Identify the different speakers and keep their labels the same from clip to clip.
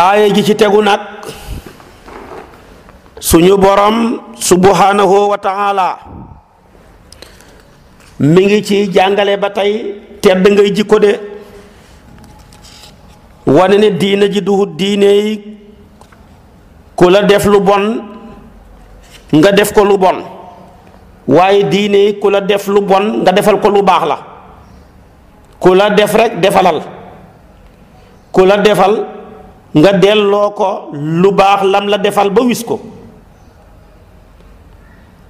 Speaker 1: aaya ji ci tegu nag suñu borom subhanahu wa taala mu ngi ci jàngale ba tey tedd ngay jikko de wane ne diina ji duhut diine yi ku la def lu bon nga def ko lu bon waaye diine yi ku la def lu bon nga defal ko lu baax la ku la def rekk defalal ku la defal nga delloo ko lu baax lam la defal ba wis ko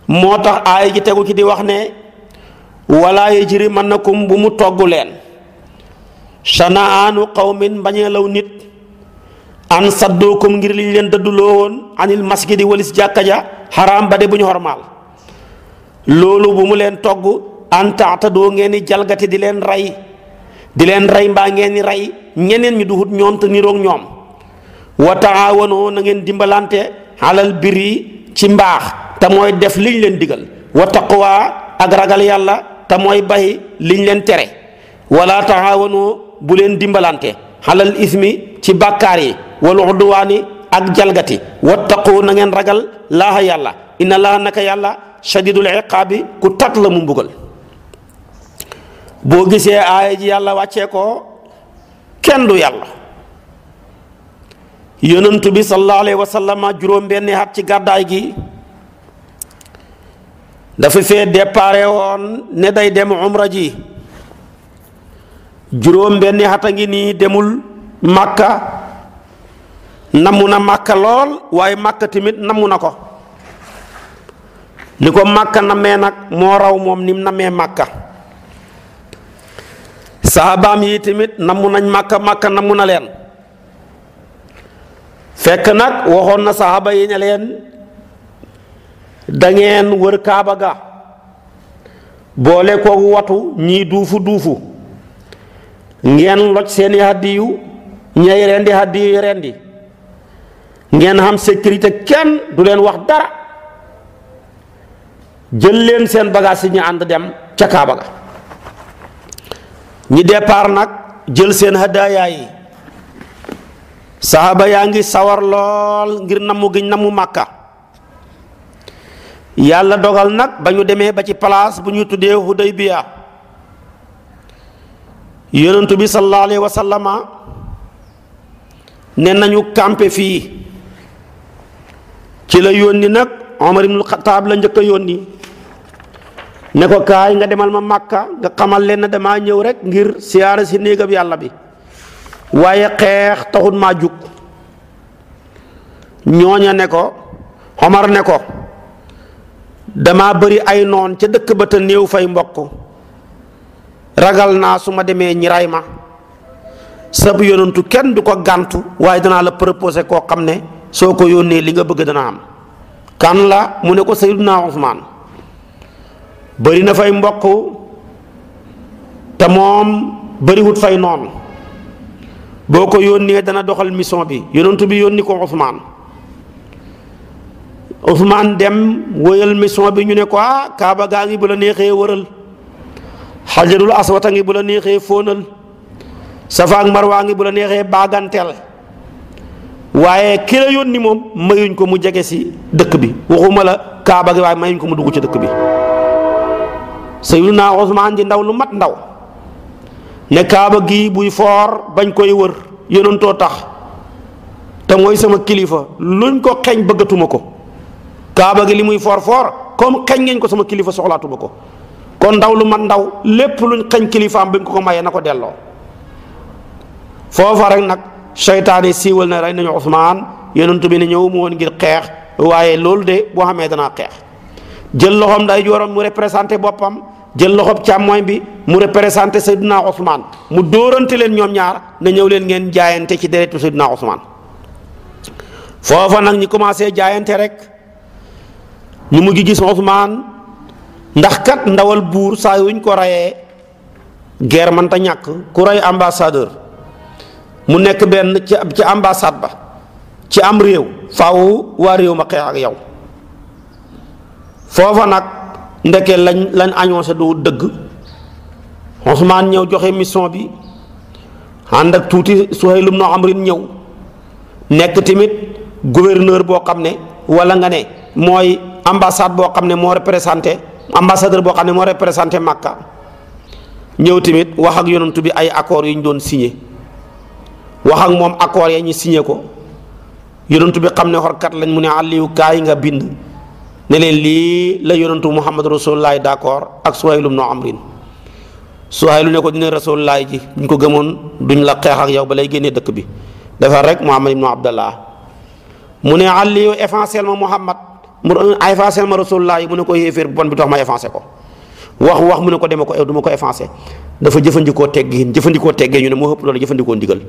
Speaker 1: moo tax aaya ji tegu ci di wax ne wala yajrimannakum bu mu togg leen shanaanu qawmin mbañeelaw nit an saddookum ngir liñ leen dëdduloo woon anil di walis jàkka ja xaraam ba de bu ñu xormaal loolu bu mu leen togg an taatadoo ngeen di jalgati di leen rey di leen rey mbaa ngeen di rey ñeneen ñu duhut ñoom te niroog ñoom wa taawanoo na ngeen dimbalante alal biri ci mbaax te mooy def liñ leen digal wa taqwa ak ragal yàlla te mooy bay liñ leen tere wala taawanoo bu leen dimbalante xalal ismi ci bàkkaar yi wal udwaani ak jalgati wattaqu na ngeen ragal laaha yàlla inna laa naka yàlla shadidul iqaabi ku tat la mu mbugal boo gisee aaya ji yàlla wàccee kenn du yàlla yonantu bi sallallahu alayhi juróom benni at ci gàddaay gi dafa fee déparé woon ne day dem umra ji juróom benni at a ngi nii demul màkka namu na màkka lool waaye màkka tamit namu na ko li ko màkka namee nag moo raw moom ni mu màkka saxaabaam yi tamit namm nañ màkka màkka namm na leen fekk nag waxoon na saxaaba yi ne leen da ngeen wër kaaba ga boole koogu watu ñii duufu duufu ngeen loj seeni hàddiyu ñay rendi hàddiyu rendi ngeen am sécurité kenn du leen wax dara jël leen seen bagage yi ñu ànd dem ca kaaba ga ñi départ nag jël seen hadaaya yi saxaaba yaa ngi sawar lool ngir namu giñ namu màkka yàlla dogal nag ba ñu demee ba ci palaas bu ñu tuddee Hudaybiya yonentu bi sallallahu alayhi wa ne nañu campé fii ci la yónni nag Omar ibnul Xataab la njëkk a yónni ne ko kaay nga demal ma màkka nga xamal leen ne damaa ñëw rek ngir siyaara si néegab yàlla bi waaye xeex taxut maa jug ñooña ne ko Omar ne ko dama bari ay noon ca dëkk ba te néew fay mbokk ragal naa su ma demee ñi ray ma sab yonantu kenn du ko gàntu waaye danaa la proposé koo xam ne soo ko yónnee li nga bëgg dana am kan la mu ne ko Sayyiduna Usmaan bari na fay mbokk te moom bariwut fay noonu boo ko yónnee dana doxal mission bi yonentu bi yónni ko Ousmane Ousmane dem wëyal mission bi ñu ne ko ah Kaaba gaa ngi bu la neexee wëral xajarul aswata ngi bu la neexee fóonal Safa ak Marwa ngi bu la neexee baaganteel waaye ki la yónni moom mayuñ ko mu jege si dëkk bi waxuma la Kaaba gi waaye mayuñ ko mu dugg ci dëkk bi. sayyiduna Usmaan di ndaw lu mat ndaw ne kaaba gi buy foor bañ koy wër yonentoo tax te mooy sama kilifa luñ ko xeeñ bëggatuma ko kaaba gi li muy foor foor comme xeeñ ngeen ko sama kilifa soxlaatuma ko kon ndaw lu mat ndaw lépp luñ xeeñ kilifaam bañ ko ko mayee na ko delloo foofa rek nag seytaan siiwal na rey nañu Usmaan yonentu bi ne ñëw mu woon ngir xeex waaye loolu de boo xamee danaa xeex jël loxoom day jooram mu représenté boppam jël loxoom loxob càmmooñ bi mu représenté Seydina Ousmane mu dóorante leen ñoom ñaar ne ñëw leen ngeen jaayante ci deretu Seydina Ousmane foofa nag ñi commencé jaayante rek ñu mujj gis Ousmane ndax kat ndawal buur saa yuñ ko rayee guerre mënta ñàkk ku rey ambassadeur mu nekk benn ci ci ambassade ba ci am réew faaw waa réew ma xeex ak yow foofa nag ndeke lañ lañ annoncé du dëgg Ousmane ñëw joxe mission bi ànd ak tuuti Suhayl xam Amr ñëw nekk tamit gouverneur boo xam ne wala nga ne mooy ambassade boo xam ne moo représenté ambassadeur boo xam ne moo représenté Makka ñëw tamit wax ak yonantu bi ay accords yu ñu doon signé wax ak moom accords ya ñu signé ko yonantu bi xam ne xorkat lañ mu ne àlliw yi nga bind ne leen lii la yonantu muhammad rasulullahi d'accord ak suhaylu ibnu amrin suhaylu ne ko dina rasulullahi ji ñu ko gëmoon duñ la xeex ak yow ba lay génnee dëkk bi defar rek muhammad ibnu abdallah mu ne àlli yow effacel ma muhammad mu ah, effacel ma rasulullahi mu ne ko yéeféer bu bon bi tax ma effacé ko wax wax mu ne ko deme ko ew du ma ko effacé dafa jëfandikoo teggin jëfandikoo teggee ñu ne moo ëpp loolu jëfandikoo ndigal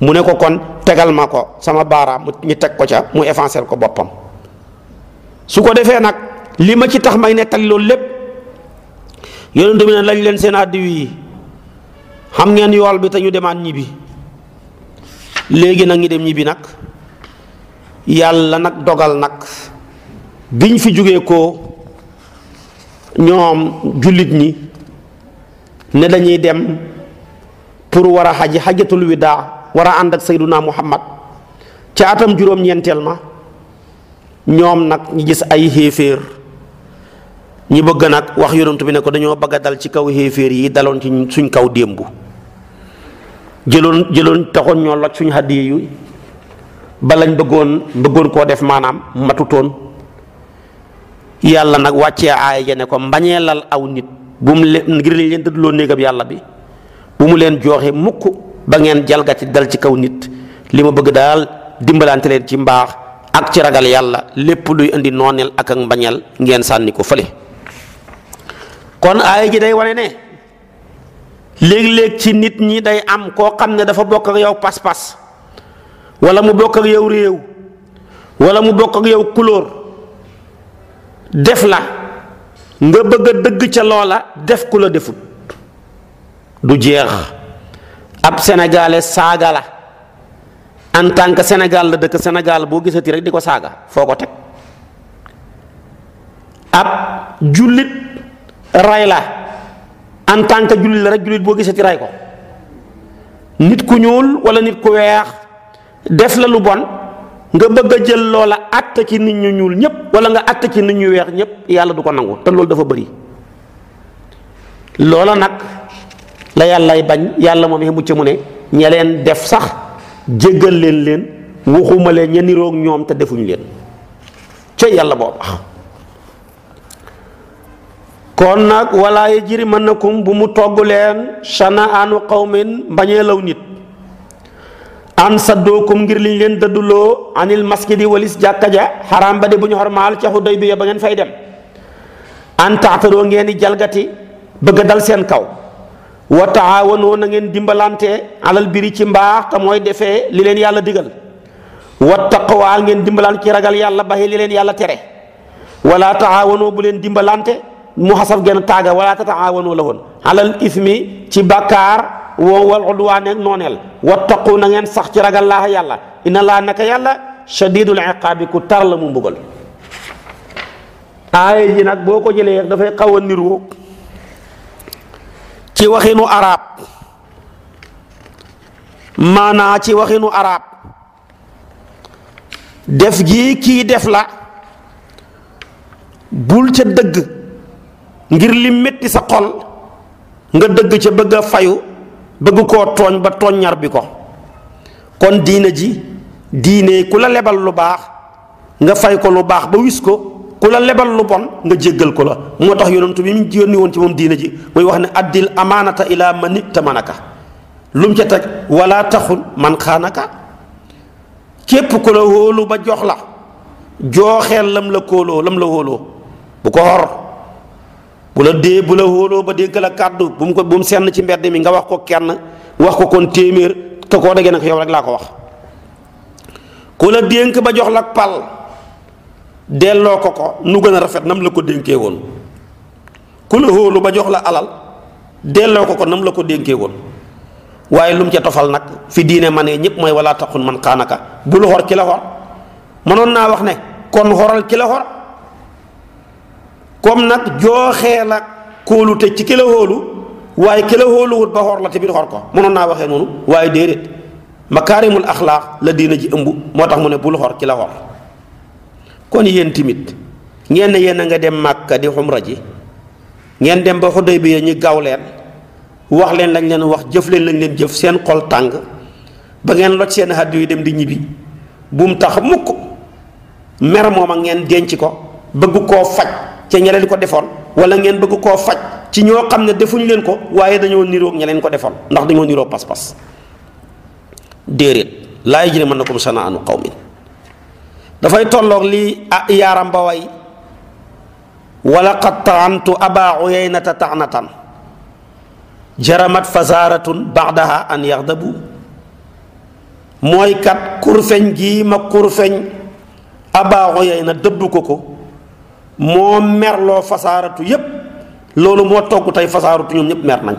Speaker 1: mu ne ko kon tegal ma ko sama baaraam mu ñu teg ko ca mu effacel ko boppam su ko defee nag li ma ci tax may nettali loolu lépp yonent bi ne lañ leen seen àddiw yi xam ngeen yool bi te ñu demaat ñibbi léegi nag ñi dem ñibbi nag yàlla nag dogal nag bi ñu fi jógee ko ñoom jullit ñi ne dañuy dem pour war a xaji xajatul widaa war a ànd ak sayduna muhammad ca atam juróom-ñeenteel ma ñoom nag ñu gis ay xéeféer ñi bëgg nag wax yonent bi ne ko dañoo bëgg a dal ci kaw xéeféer yi daloon ci suñ kaw démb jëloon jëloon taxoon ñoo loj suñ hadiya yu ba lañ bëggoon bëggoon koo def maanaam matutoon yàlla nag wàcce aaya ja ne ko mbañee lal aw nit bu mu leen ngir lañ leen dëddloo néegam yàlla bi bu mu leen jooxe mukk ba ngeen jalgati dal ci kaw nit li ma bëgg daal dimbalante leen ci mbaax ak ci ragal yàlla lépp luy indi nooneel ak ak mbañeel ngeen sànni ko fële kon aaya ji day wane ne léeg-léeg ci nit ñi day am koo xam ne dafa bokk ak yow pas-pas wala mu bokk ak yow réew wala mu bokk ak yow couleur def la nga bëgg dëgg ca loola def ku la defut du jeex ab senegale saaga la en tant que Sénégal la dëkk Sénégal boo gisati rek di ko saaga foo ko teg ab jullit ray la en tant que jullit la rek jullit boo gisati ray ko nit ku ñuul walla nit ku weex def la lu bon nga bëgg a jël loola àtte ci nit ñu ñuul ñëpp walla nga àtte nit ñu weex ñëpp yàlla du ko nangu te loolu dafa bari loola nag la yàllay bañ yàlla moom yi mucc mu ne ña leen def sax. jéggal leen leen waxuma leen ña niroog ñoom te defuñu leen ca yàlla boobu kon nag walla yajrimannakum bu mu togg leen shanaanu qawmin mbañee law nit an saddookum ngir liñ leen dëdduloo anil masjidi walis jàkka ja xaraam ba de bu ñu xormaal ca Xudaybiya ba ngeen fay dem an taatadoo ngeen di jalgati bëgg dal seen kaw wa taawanoo na ngeen dimbalante alal biri ci mbaax te mooy defee li leen yàlla digal wa taqwa ngeen dimbalante ci ragal yàlla baxee li leen yàlla tere wala taawanoo bu leen dimbalante mu xasab genn taaga wala ta la woon alal ismi ci bàkkaar woo wal udwaane nooneel wa na ngeen sax ci ragal laa yàlla inna laa naka yàlla shadidul iqaabi ku tar la mu mbugal aaya ji nag boo ko jëlee dafay xaw a ci waxinu arab maanaa ci waxinu arab def gi kii def la bul ca dëgg ngir li metti sa xol nga dëgg ca bëgg a fayu bëgg koo tooñ ba tooñ bi ko kon diina ji diine ku la lebal lu baax nga fay ko lu baax ba wis ko ku la lebal lu bon nga jéggal ko la moo tax yonentu bi mu yónni woon ci moom diina ji muy wax ne addil amaanata ilaa man itamanaka lu mu ca teg wala taxul man xaanaka képp ku la hóolu ba jox la jooxeel lam la kóoloo lam la hóoloo bu ko xor bu la dee bu la hóoloo ba dégg la kàddu bu mu ko bu mu senn ci mbedd mi nga wax ko kenn wax ko kon téeméer te koo degee ne ko yow rek laa ko wax ku la dénk ba jox la pal delloo ko ko nu gën a rafet nam la ko dénkee woon ku la hóolu ba jox la alal delloo ko ko nam la ko dénkee woon waaye lum mu ca tofal nag fi diine ma ne ñëpp mooy wala taxun man xaanaka bul xor ki la xor mënoon naa wax kon xoral ki la nag jooxee la kóolu te ci ki la hóolu waaye la hóoluwut ba xor la tamit xor ko mënoon naa waxee noonu waaye déedéet makaarimul axlaaq la diine ji ëmb moo tax mu ne bul xor ki la xor kon yéen timit ngeen yéen a nga dem màkka di xumra ji ngeen dem ba xudday bi ñu gaaw leen wax leen lañ leen wax jëf leen lañ leen jëf seen xol tàng ba ngeen loj seen hàddu yi dem di ñibbi bu mu tax mukk mer moom a ngeen denc ko bëgg koo faj ca ña leen ko defoon wala ngeen bëgg koo faj ci ñoo xam ne defuñu leen ko waaye dañoo niroog ña leen ko defoon ndax dañoo niroog pas-pas déedéet laa yajrimannakum shana'anu qawmin dafay tolloog lii yaaram ba way wala qad taantu aba uyaynata taanatan jaramat fasaaratun baxdaha an yaxdabu mooy kat kurfeñ gii ma kurfeñ aba uyayna dëbb ko ko moo merloo fasaaratu yépp loolu moo togg tey fasaaratu ñoom ñépp mer nañ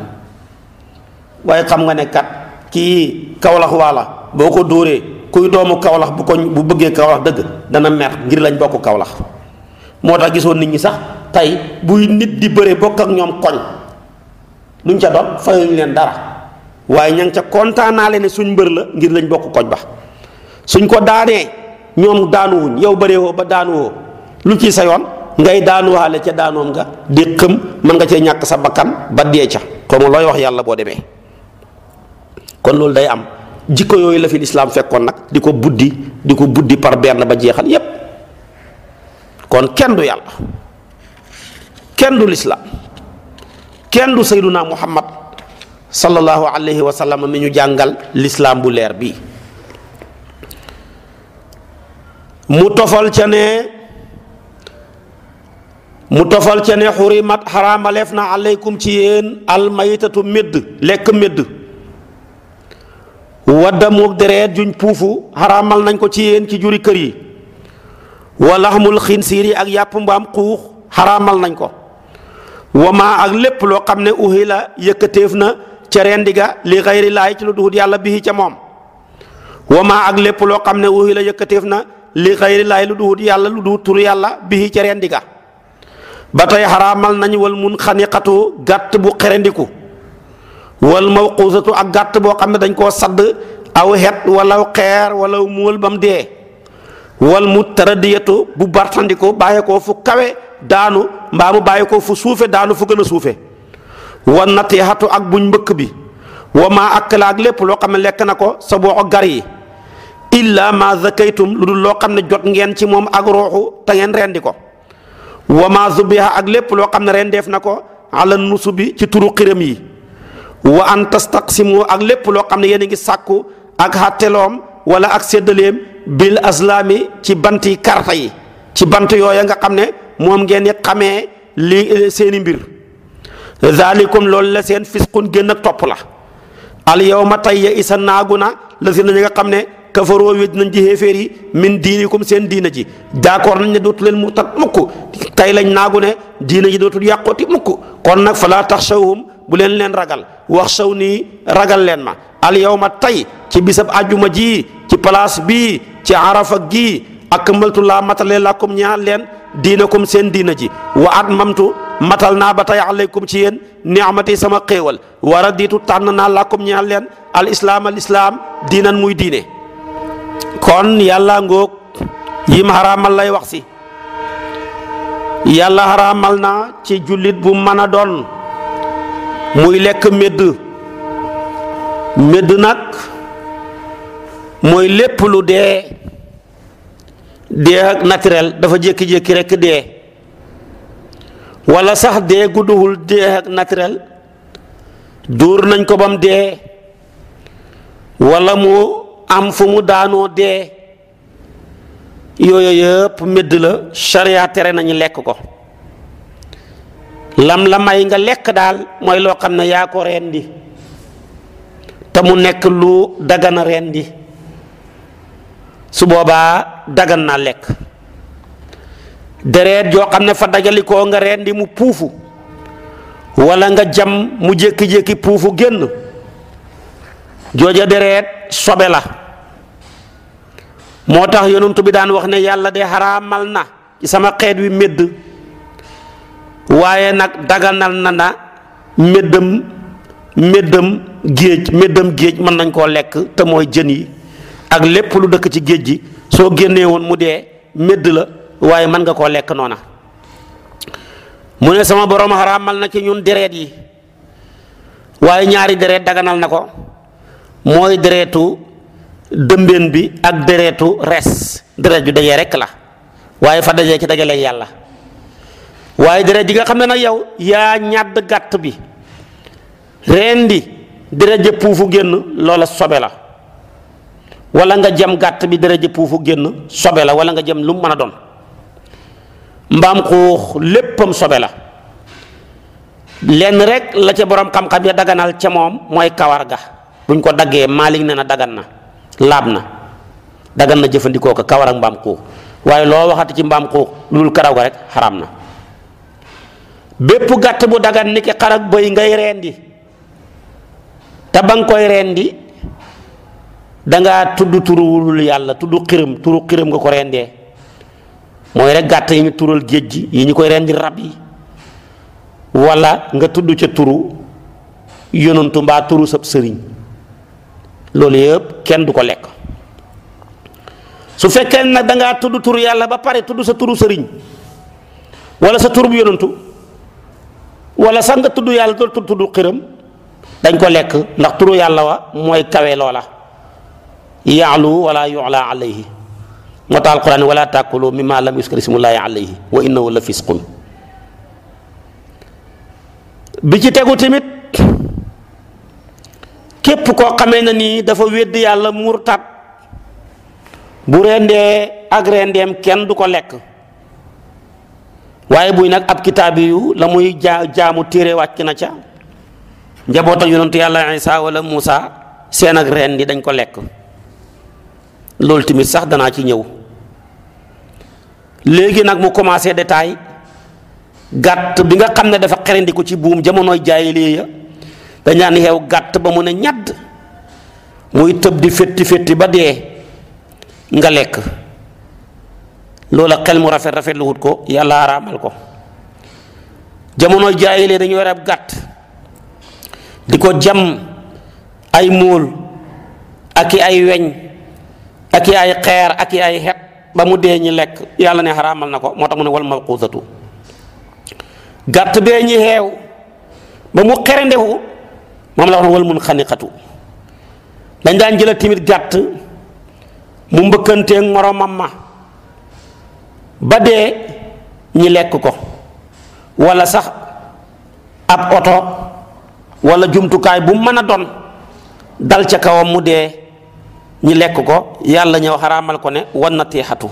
Speaker 1: waaye xam nga ne kat kii kawlax boo ko dóoree kuy doomu kawlax bu koñ bu bëggee Kaolack dëgg dana mer ngir lañ bokk kawlax moo tax gisoon nit ñi sax tey buy nit di bëre bokk ak ñoom koñ luñ ca doon fayuñ leen dara waaye ña ngi ca kontaanaale ne suñ mbër la ngir lañ bokk koñ ba suñ ko daanee ñoom daanuwuñ yow bëree ba daanuwoo lu ciy sa yoon ngay daanuwaale ca daanoom nga di xëm mën nga cee ñàkk sa bakkan ba dee ca xaw looy wax yàlla boo demee kon loolu day am. jikko yooyu la fi lislaam fekkoon nag di ko buddi di ko buddi par benn ba jeexal yépp kon kenn du yàlla kenn du lislaam kenn du sayduna muhammad sallallahu alayhi wa sallam mi ñu jàngal lislaam bu leer bi mu tofal ca ne mu tofal ca ne xurimat xaraamaleef na aleykum ci yéen almaytatu médd lekk medd wadda muug dereet juñ puufu xaramal nañ ko ci yéen ci juri kër yi wa laxmul xinsiir yi ak yàpp mbaam xuux xaramal nañ ko wamaa ak lépp loo xam ne uhi la yëkkatéef na ca rendiga li xayri laay ci lu duhut yàlla bihi ca moom wamaa ak lépp loo xam ne uhi la na li xayri lu duhut yàlla lu duhut tur yàlla bihi ca rendiga ba tey xaraamal nañ wal mun xaniqatu gàtt bu xerendiku wal mawquzatu ak gàtt boo xam ne dañ koo sadd aw xet walaw xeer walaw muul ba mu dee wal mutaradiyatu bu bartandiku bàyyeekoo fu kawe daanu mbaa mu bàyyeekoo fu suufe daanu fu gën a suufe wa natihatu ak buñ mbëkk bi wa maa akala ak lépp loo xam ne lekk na ko sa boo gar yi illa ma zakaytum lu dul loo xam ne jot ngeen ci moom ak rooxu te ngeen rendi ko wa ma zubiha ak lépp loo xam ne rendeef na ko ala nusu ci turu xiram yi wa an tastaqsimu ak lépp loo xam ne yéen a ngi sàkku ak xàtteloom wala ak séddaleem bil aslami ci bant yi karta yi ci bant yooya nga xam ne moom ngeen di xamee li eh, seeni mbir zalikum loolu la seen fisqun génn ak topp la al yawma tey ya isa naagu na la seen ñi nga xam ne kafaroo wéet nañ ci xéeféer yi min diinikum seen diina ji d'accord nañ ne dootu leen murtat mukk tey lañ naagu ne diina ji dootul yàqooti mukk kon nag falaa taxshawhum bu leen leen ragal wax saw nii ragal leen ma al yawma tey ci bisab ajuma ji ci palaas bi ci arafa gii akmaltu laa matale lakum ñaal leen diinakum seen diina ji wa atmamtu matal naa ba tey alaykum ci yéen ni'mati sama xéewal wa diitu tànn naa lakum ñaal leen al islaam al islaam diinan muy diine kon yàlla ngoog yim xaraamal lay wax si yàlla xaraamal na ci jullit bu mën doon muy lekk medd médd nag mooy lépp lu dee dee ak naturel dafa jékki-jékki rekk dee walla sax dee gudduhul dee ak naturel duur nañ ko bam dee walla mu am fu mu daanoo dee yooyu yëpp médd la charia tere nañu lekk ko lam la may nga lekk daal mooy loo xam ne yaa ko rendi te mu nekk lu dagan a rendi su boobaa dagan naa lekk deret joo xam ne fa dajalikoo nga rendi mu puufu wala nga jam mu jékki-jékki puufu génn jooja deret sobe la moo tax yonent bi daan wax ne yàlla de xaraamal na ci sama xeet wi medd waaye nag daganal na na méddam méddam géej méddam géej mën nañ koo lekk te mooy jën yi ak lépp lu dëkk ci géej gi soo génnee woon mu dee médd la waaye mën nga koo lekk noona mu ne sama borom xaraamal na ci ñun dereet yi waaye ñaari dereet daganal na ko mooy dereetu dëmbeen bi ak dereetu res dereet ju dajee rekk la waaye fa dajee ci dajale yàlla waaye deret ji nga xam ne nag yow yaa ñàdd gàtt bi rendi deret ja puufu génn loola sobe la wala nga jëm gàtt bi deret ja puufu génn sobe la wala nga jam lu mu mën a doon mbaam xuux léppam sobe la lenn rek la ca borom xam-xam ya daganal ca moom mooy kawar ga buñ ko daggee maalik ne na daggan na laab na dagan na jëfandikoo ko kawar mbaam xuux waaye loo waxati ci mbaam xuux lu dul karaw ga rek xaraam na bépp gàtt bu dagan ni ki xar bëy ngay reendi te ba koy rendi dangaa tudd turuwul yàlla tudd xiram turu xiram nga ko rendee mooy rek gàtt yi ñu tural géej gi yi ñu koy rendi rab yi nga tudd ca turu yonantu mbaa turu sab sëriñ loolu yëpp kenn du ko lekk su fekkee nag dangaa tudd turu yàlla ba pare tudd sa turu sëriñ wala sa turu bu yonantu wala sax nga tudd yàlla doo tudd xiram dañ ko lekk ndax turu yàlla wa mooy kawe loola yaalu wala yu'la alayhi moo tax alquran wala taakulu mimma lam yuskar ismullahi wa innahu la fisqun bi ci tegu tamit képp koo xamee na nii dafa wedd yàlla murtat bu rendee ak rendeem kenn du ko lekk waaye buy nag ab kitaabi yu la muy jaa jaamu téere wàcc na ca njaboot njabootam yonentu yàlla Isaa wala Muusa seen ak reen di dañ ko lekk loolu tamit sax danaa ci ñëw léegi nag mu commencé détail gàtt bi nga xam ne dafa xerendi ci buum jamonoy jaahiliya dañ daan xew gàtt ba mu ne ñadd muy tëb di fétti féet ba dee nga lekk loolu loola xel mu rafet rafet lu wut ko yàlla araamal ko jamono jaayile dañu war ab gàtt di ko jam ay móol ak ki ay weñ ak ki ay xeer ak i ay xet ba mu dee ñi lekk yàlla ne xaraamal na ko moo tax mu ne wal malquusatu gàtt bee ñi xeew ba mu xerendeku moom la mu ne wal mun xaniqatu dañ daan jëla timit gàtt mu mbëkkanteeg moromam ma ba dee ñi lekk ko wala sax ab oto wala jumtukaay bu mën a doon dal ca kawam mu dee ñi lekk ko yàlla ñëw xaraamal ko ne wan na teexatu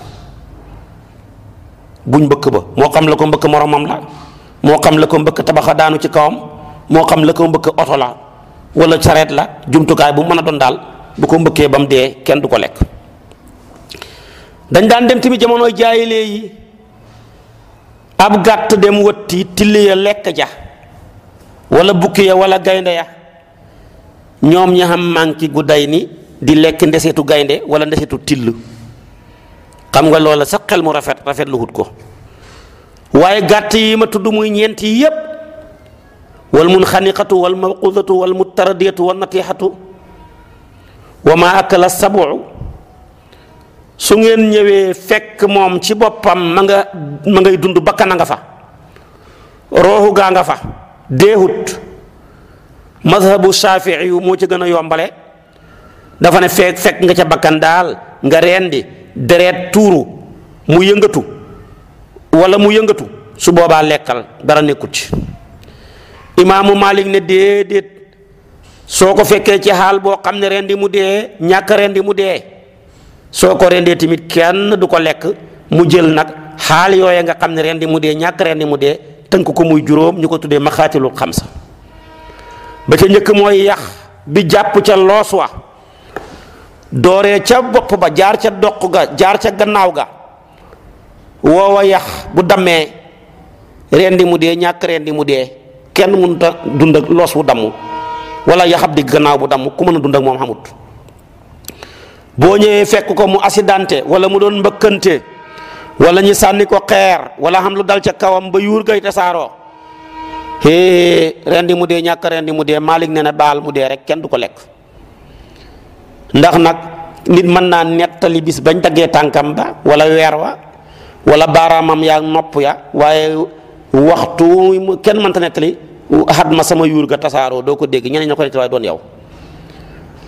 Speaker 1: buñ mbëkk ba moo xam la ko mbëkk moromam la moo xam la ko mbëkk tabaxa daanu ci kawam moo xam la ko mbëkk oto la wala sareet la jumtukaay bu mën a doon daal bu ko mbëkkee ba mu dee kenn du ko lekk dañ daan dem tamit jamono jaayilee yi ab gàtt dem wëtti tilli ya lekk ja wala bukki ya wala gaynde ya ñoom ña xam mànki gu day ni di lekk ndeseetu gaynde wala ndesetu till xam nga loola sax xel mu rafet rafet lu ko waaye gàtt yi ma tudd muy ñeent yi yépp wal mun xaniqatu wal mawqudatu wal mutaradiyatu wal natixatu wa ma akala sabu su ngeen ñëwee fekk moom ci boppam ma nga ma ngay dund bakkan nga fa rooxu gaa nga fa deehut mazhabu shafii yu moo ci gën a yombale dafa ne fekk fekk nga ca bakkan daal nga rendi deret tuuru mu yëngatu wala mu yëngatu su boobaa lekkal dara nekkut ci imaamu Malik ne déedéet soo ko fekkee ci xaal boo xam ne rendi mu dee ñàkk rendi mu dee soo ko rendee tamit kenn du ko lekk mu jël nag xaal yooya nga xam ne rendi mu dee ñàkk rendi mu dee tënk ko muy juróom ñu ko tuddee maxaatilul xamsa ba ca njëkk mooy yax bi jàpp ca loos wa dooree ca bopp ba jaar ca doq ga jaar ca gannaaw ga woowa yax bu dammee rendi mu dee ñàkk rendi mu dee kenn mun a dund ak loos wu damm wala yaxab di gannaaw bu damm ku mën a dund ak moom xamut boo ñëwee fekk ko mu accidenté wala mu doon mbëkkante wala ñu sànni ko xeer wala xam lu dal ca kawam ba yuur gay tasaaroo hee rendi mu dee ñàkk rendi mu dee Malick ne na baal mu dee rek kenn du ko lekk ndax nag nit mën naa nettali bis bañ daggee tànkam ba wala weer wa wala baaraamam yaa nopp ya waaye waxtu kenn mënta nettali xat ma sama yuur ga tasaaroo doo ko dégg ñeneen ña ko nettali waaye doon yow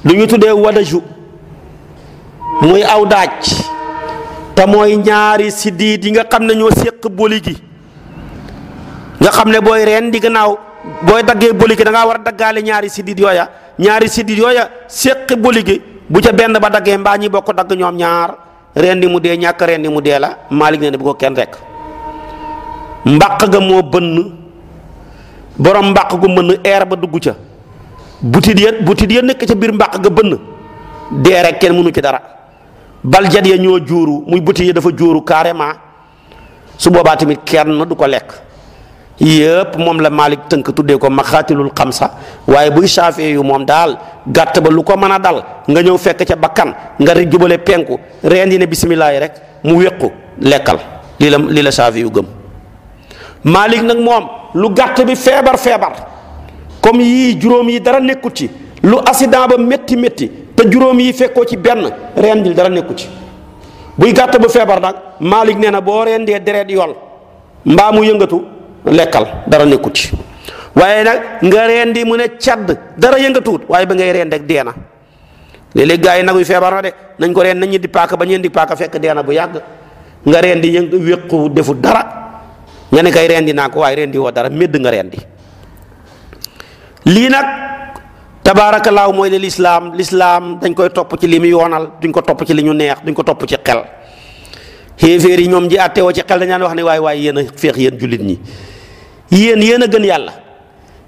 Speaker 1: lu ñu tuddee wadaju muy aw daaj te mooy ñaari siddiit yi nga xam ne ñoo séq boli nga xam ne booy reen di gannaaw booy daggee boli gi da ngaa war a daggaale ñaari siddiit yooya ñaari siddiit yooya séq boli bu ca benn ba daggee mbaa ñi bokk dagg ñoom ñaar reen di mu dee ñàkk reen di mu dee la Maalik ne bu ko kenn rek mbaq ga moo bënn borom mbaq gu mën air ba dugg ca butit ya butit ya nekk ca biir mbaq ga bënn dee rek kenn mënu ci dara baljat ya ñoo juuru muy buti yi dafa juuru carrément su boobaa tamit kenn du ko lekk yëpp moom la Malik tënk tuddee ko xam sax waaye buy saafee yu moom daal gàtt ba lu ko mën a dal nga ñëw fekk ca bakkan nga jubale penku reen yi ne bisimilah yi rek mu wéqu lekkal li lii la saafee yu gëm Malik nag moom lu gàtt bi feebar feebar comme yii juróom yi dara nekkut ci. lu accident ba métti métti te juróom yi fekkoo ci benn rendil dara nekku ci buy gàtt bu feebar nag Malick nee na boo rendee deret yool mbaa mu yëngatu lekkal dara nekku ci waaye nag nga rendi mu ne cadd dara yëngatuwut waaye ba ngay rend ak deena léeg yi nag yu feebar na de nañ ko reen nañ di paaka ba ñeen di paaka fekk deena bu yàgg nga rendi yëngu wéqu defu dara nga ne kay rendi naa ko waaye rendi woo dara medd nga rendi lii nag tabaarakallaahu mooy ne lislaam lislaam dañ koy topp ci li mu yoonal duñ ko topp ci li ñu neex duñ ko topp ci xel xéeféer yi ñoom ji àttewoo ci xel dañ daan wax ne waay waay yéen a féex yéen jullit ñi yéen yéen a gën yàlla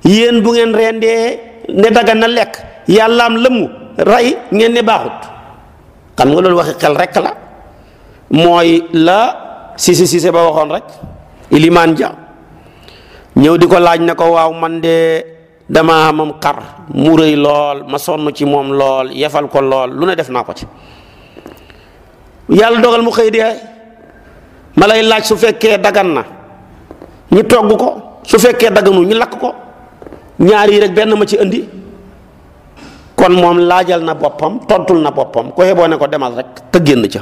Speaker 1: yéen bu ngeen rendee ne dagan na lekk yàllaam lëmm rey ngeen ne baaxut xam nga loolu waxi xel rek la mooy la si si ba waxoon rek ilimaan ja ñëw di ko laaj na ko waaw man de dama amam xar mu rëy lool ma sonn ci moom lool yafal ko lool lu ne def naa ko ci yàlla dogal mu xëy dee ma lay laaj su fekkee dagan na ñu togg ko su fekkee daganu ñu lakk ko ñaar yi rek benn ma ci indi kon moom laajal na boppam tontul na boppam ko xeboo ne ko demal rek te génn ca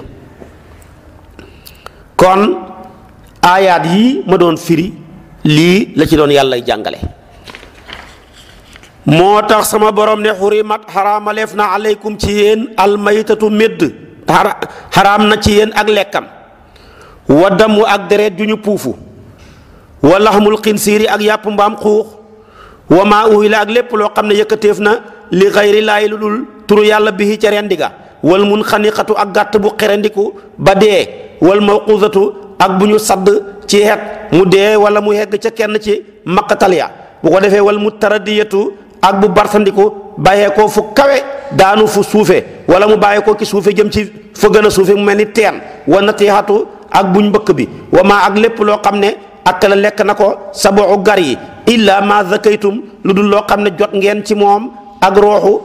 Speaker 1: kon aayaat yii ma doon firi lii la ci doon yàllay jàngale moo tax sama borom ne xurimat xaraamaleef na aleykum ci yéen almaytatu médd xaraam na ci yéen ak lekkam wa damu ak deret ju ñu puufu wa laxmul xinsiiri ak yàpp mbaam xuux wa maa uhila ak lépp loo xam ne yëkkateef na li xayri laay lu dul turu yàlla bi ca rendiga wal mun xaniqatu ak gàtt bu xerendiku ba dee wal mawquzatu ak bu ñu sadd ci xet mu dee wala mu hegg ca kenn ci maqatal ya bu ko defee wal mutaradiyatu ak bu barsandiku bàyyeekoo fu kawe daanu fu suufe wala mu bàyyee bàyyeekoo ci suufe jëm ci fa gën a suufe mu mel ni teen wa teexatu ak bu mbëkk bi wa maa ak lépp loo xam ne ak lekk na ko saboxu gar yi illa ma zakaytum lu dul loo xam ne jot ngeen ci moom ak rooxu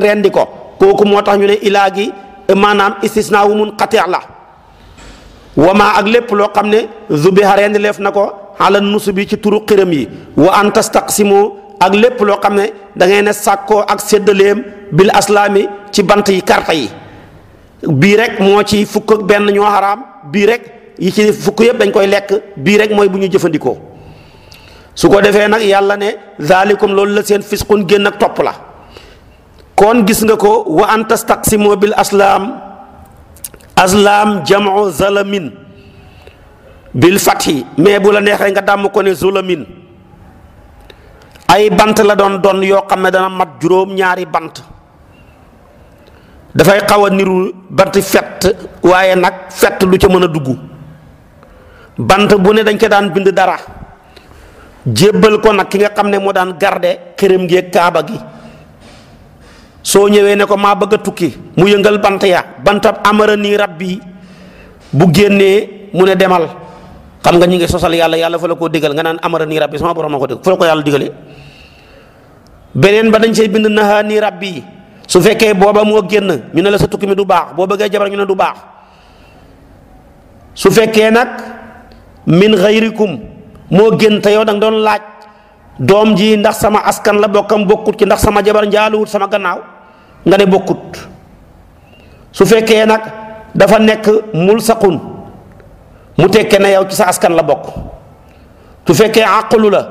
Speaker 1: rendi ko kooku moo tax ñu ne ilaa gi maanaam istisna wu mun xateex la wa ak lépp loo xam ne zubiha rendi leef na ko ala nusu bi ci turu xiram yi wa an tastaqsimu ak lépp loo xam ne da ngay ne sàkkoo ak séddaleem bil aslaami ci bant yi karta yi bii rek moo ci fukk benn ñoo xaraam bii rek yi ci fukk yëpp dañ koy lekk bii rek mooy bu ñu jëfandikoo su ko defee nag yàlla ne zaalikum loolu la seen fisqun génn ak topp la kon gis nga ko wa an tastaqsimu bil aslaam aslaam jamu zalamin bil fathi mais bu la neexee nga dàmm ko ne zulamin ay bant la doon doon yoo xam ne dana mat juróom-ñaari bant dafay xaw a niru bant fett waaye nag fett lu ci mën a dugg bant bu ne dañ ca daan bind dara jébbal ko nag ki nga xam ne moo daan garde këram gi kaaba gi soo ñëwee ne ko maa bëgg a tukki mu yëngal bant ya bantab amara nii rab bi bu génnee mu ne demal xam nga ñu ngi sosal yàlla yàlla fa la koo digal nga naan amara nii rabbi sama borom ko digal fa la ko yàlla digalee beneen ba dañ say bind naha nii rabbi su fekkee booba moo génn ñu ne la sa tukki mi du baax boo bëggee jabar ñu ne du baax su fekkee nag min xayrikum moo génn te yow da nga doon laaj doom ji ndax sama askan la bokkam bokkut ci ndax sama jabar njaaluwut sama gannaaw nga ne bokkut su fekkee nag dafa nekk mulsaqun mu tekkee na yow ci sa askan la bokk su fekkee àqalu la